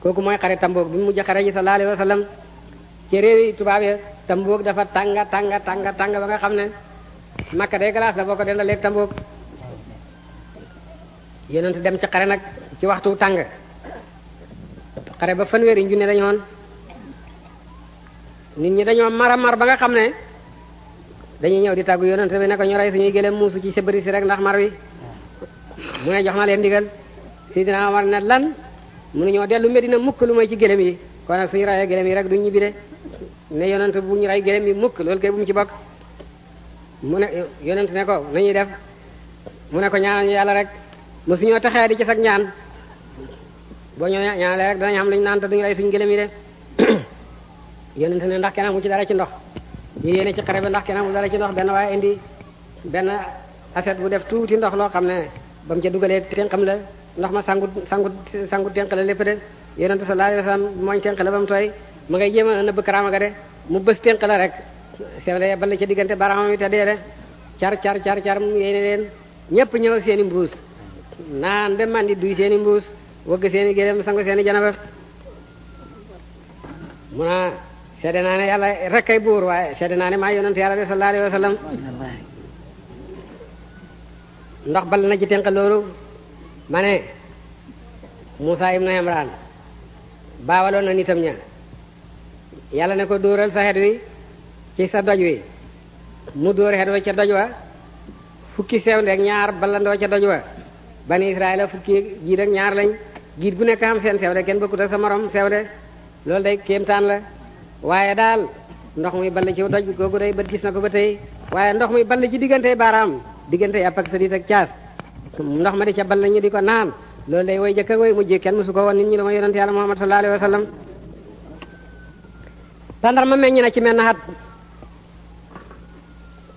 kooku mooy xare tamboog bi mu mujj xare ji sallallahu alayhi wa sallam tubaab ya tamboog dafa tànga tànga tànga tànga ba nga xam ne makka day galaas la boo ko dendalee tamboog yonent dem ci xare nag ci waxtu tàng xare ba i junne dañoon nit ñi dañoo mara mar ba nga xam ne dañuy ñëw di tàggu yonent bi ne ko ñu ñuy suñuy gëléem muusu ci sabari si rek ndax mar wi mu ne jox na leen ndigal Sidina Omar na lan mënuñoo dellu Medina mukk lu may ci gëléem yi kon nag suñu rayee gëléem yi rek du ñibbi de ne yonent bu ñu rey gëlëm yi mukk loolu kay bu mu ci bokk mu ne yonent ne ko nañuy def mu ne ko ñaanal ñu yàlla rek ñoo taxee di ci sag ñaan boo ñoo ñaanalee rek danañ xam lu ñu naan te duñu rey suñu gëlëm yi de yonent ne ndax kenn amu ci dara ci ndox ñu yéene ci xare ba ndax kenn amu dara ci ndox benn waaye indi benn asset bu def tuuti ndox loo xam ne ba mu ca dugalee tenqam la ndox ma sangut sangut sangut tenq la lépp de yonent sallallahu alayhi wasallam mooñ tenq la ba mu ma ngay jéem a nëbb karaama ga de mu bës tënk la rek sewle bala ca diggante baraamam ta te dee de car car car car mu yéene leen ñëpp ñëw ak seen mbuus naan man di duy seen mbuus mbuus wëgg seen i gélém sangu seen i janaba mu naa seede naa ne yàlla rek kay buur waaye seede naa ne maa ti yàlla de sallallahu alayhi wa sallam ndax bal na ci tënk loolu ma ne Moussa ibn Imran baawaloon na nitam ña yàlla ne ko dóoral sa xet wi ci sa doj wi mu dóor xet wa ca doj wa fukki sew ndek ñaar ndoo ca doj wa bani israila fukki giid ak ñaar lañ giid bu nekk xam seen sew de kenn ak sa morom sew loolu day kéemtaan la waaye daal ndox muy ball ci doj googu day bët gis na ko ba tey waaye ndox muy ball ci diggante baaraam diggante yàpp ak sadiit ak caas ndox ma di ca ball ñu di ko naan loolu day way jëkk ak way mujjee kenn mësu ko woon nit ñi la ma yonent yàlla Muhammad sallallahu alayhi wa sallam tàndarma meññ na ci menn xat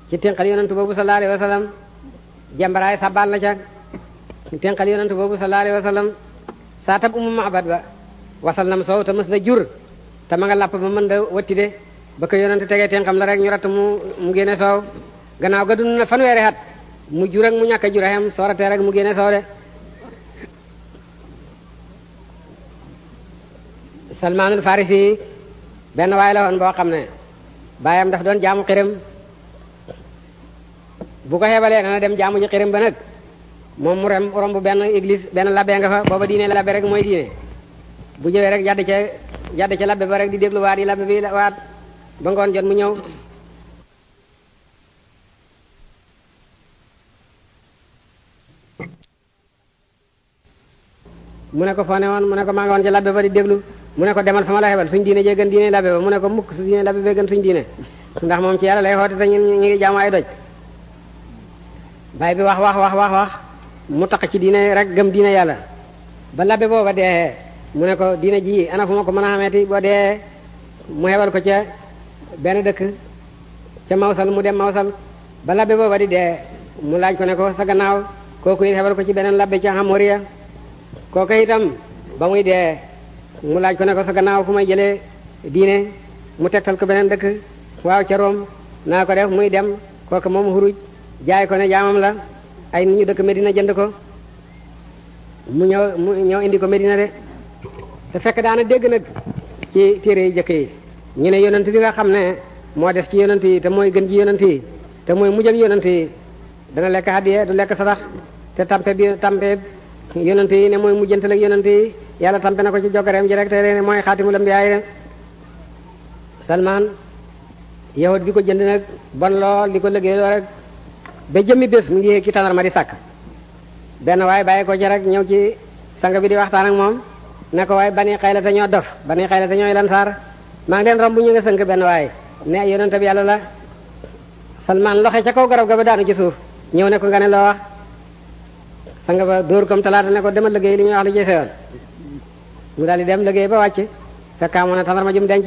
ci tenqal yonentu boobu sallallahu alayhi wa sallam jambaraay sabal na ca ci tenqal yonentu boobu sallallahu alayhi wa sallam saa tab umu maabad ba wasal nam soow te mës na jur te ma nga làpp ba mën da watti de ba ko yonentu tegee tenqam la rek ñu ratt mu mu génne soow gannaaw ga dund na fanweeri xat mu jur ak mu ñàkk a jur xem sooratee rek mu génne soow de salmaanul farisi benn waay la woon boo xam ne baayam daf doon jaamu xirim bu ko xeebalee dana dem jaamu ji xirim ba nag moom mu rem romb benn église benn labbe nga fa booba diine labbe rek mooy diine bu ñëwee rek yàdd ca yàdd ca labbe ba rek di déglu waat yi labbe bi waat ba ngoon jot mu ñëw mu ne ko foo ne woon mu ne ko maa ngi woon ci labbe ba di déglu mu ne ko demal fa ma la xebal suñ diine jee gën diine labbe ba mu ne ko mukk su diine labbe bee gën suñ diine ndax moom ci yàlla lay xoote te ñun ñu ngi jaamu ay doj baay bi wax wax wax wax wax mu taq ci diine rek gëm diine yàlla ba labbe booba dee mu ne ko diine ji ana fu ma ko mën a xameeti boo dee mu xebal ko ca benn dëkk ca mawsal mu dem mawsal ba labbe booba di dee mu laaj ko ne ko sa gannaaw kooku it xebal ko ci beneen labbe ca xamoriya kooka itam ba muy dee mu laaj ko ne ko sa gannaaw fu may jëlee diine mu tegtal ko beneen dëkk waaw ca naa ko def muy dem kooka moom xuruj jaay ko ne jaamam la ay nit ñu dëkk Medina jënd ko mu ñëw mu ñëw indi ko Medina de te fekk daana dégg nag ci téere yi jëkk yi ñu ne yonent bi nga xam ne moo des ci yonent yi te mooy gën ji yonent yi te mooy mu ak yonent yi dana lekk hadiya du lekk sadax te tampe bi tampe yonent yi ne mooy mujjantal ak yonent yi yàlla tampe na ko ci jokkareem ji rek te ne mooy xaatimul ambiyaay de Salman yahut bi ko jënd nag bon lool di ko liggéeyloo rek ba jëmmi bés mu ngi yéeg ci tàndarma di sàkk benn waaye bàyyi ko ci rek ñëw ci sang bi di waxtaan ak moom ne ko waaye bani xayla te ñoo dof bani xayla te ñooy lansaar maa ngi leen romb ñu nga sënk benn waaye ne yonent bi yàlla la Salman loxe ca kaw garab ga ba daanu ci suuf ñëw sanga ba dóor comme talaata ne ko demal liggéey li ñuy wax li ci sa yoon mu daal di dem liggéey ba wàcc fekk amoon na tàndarma jum denc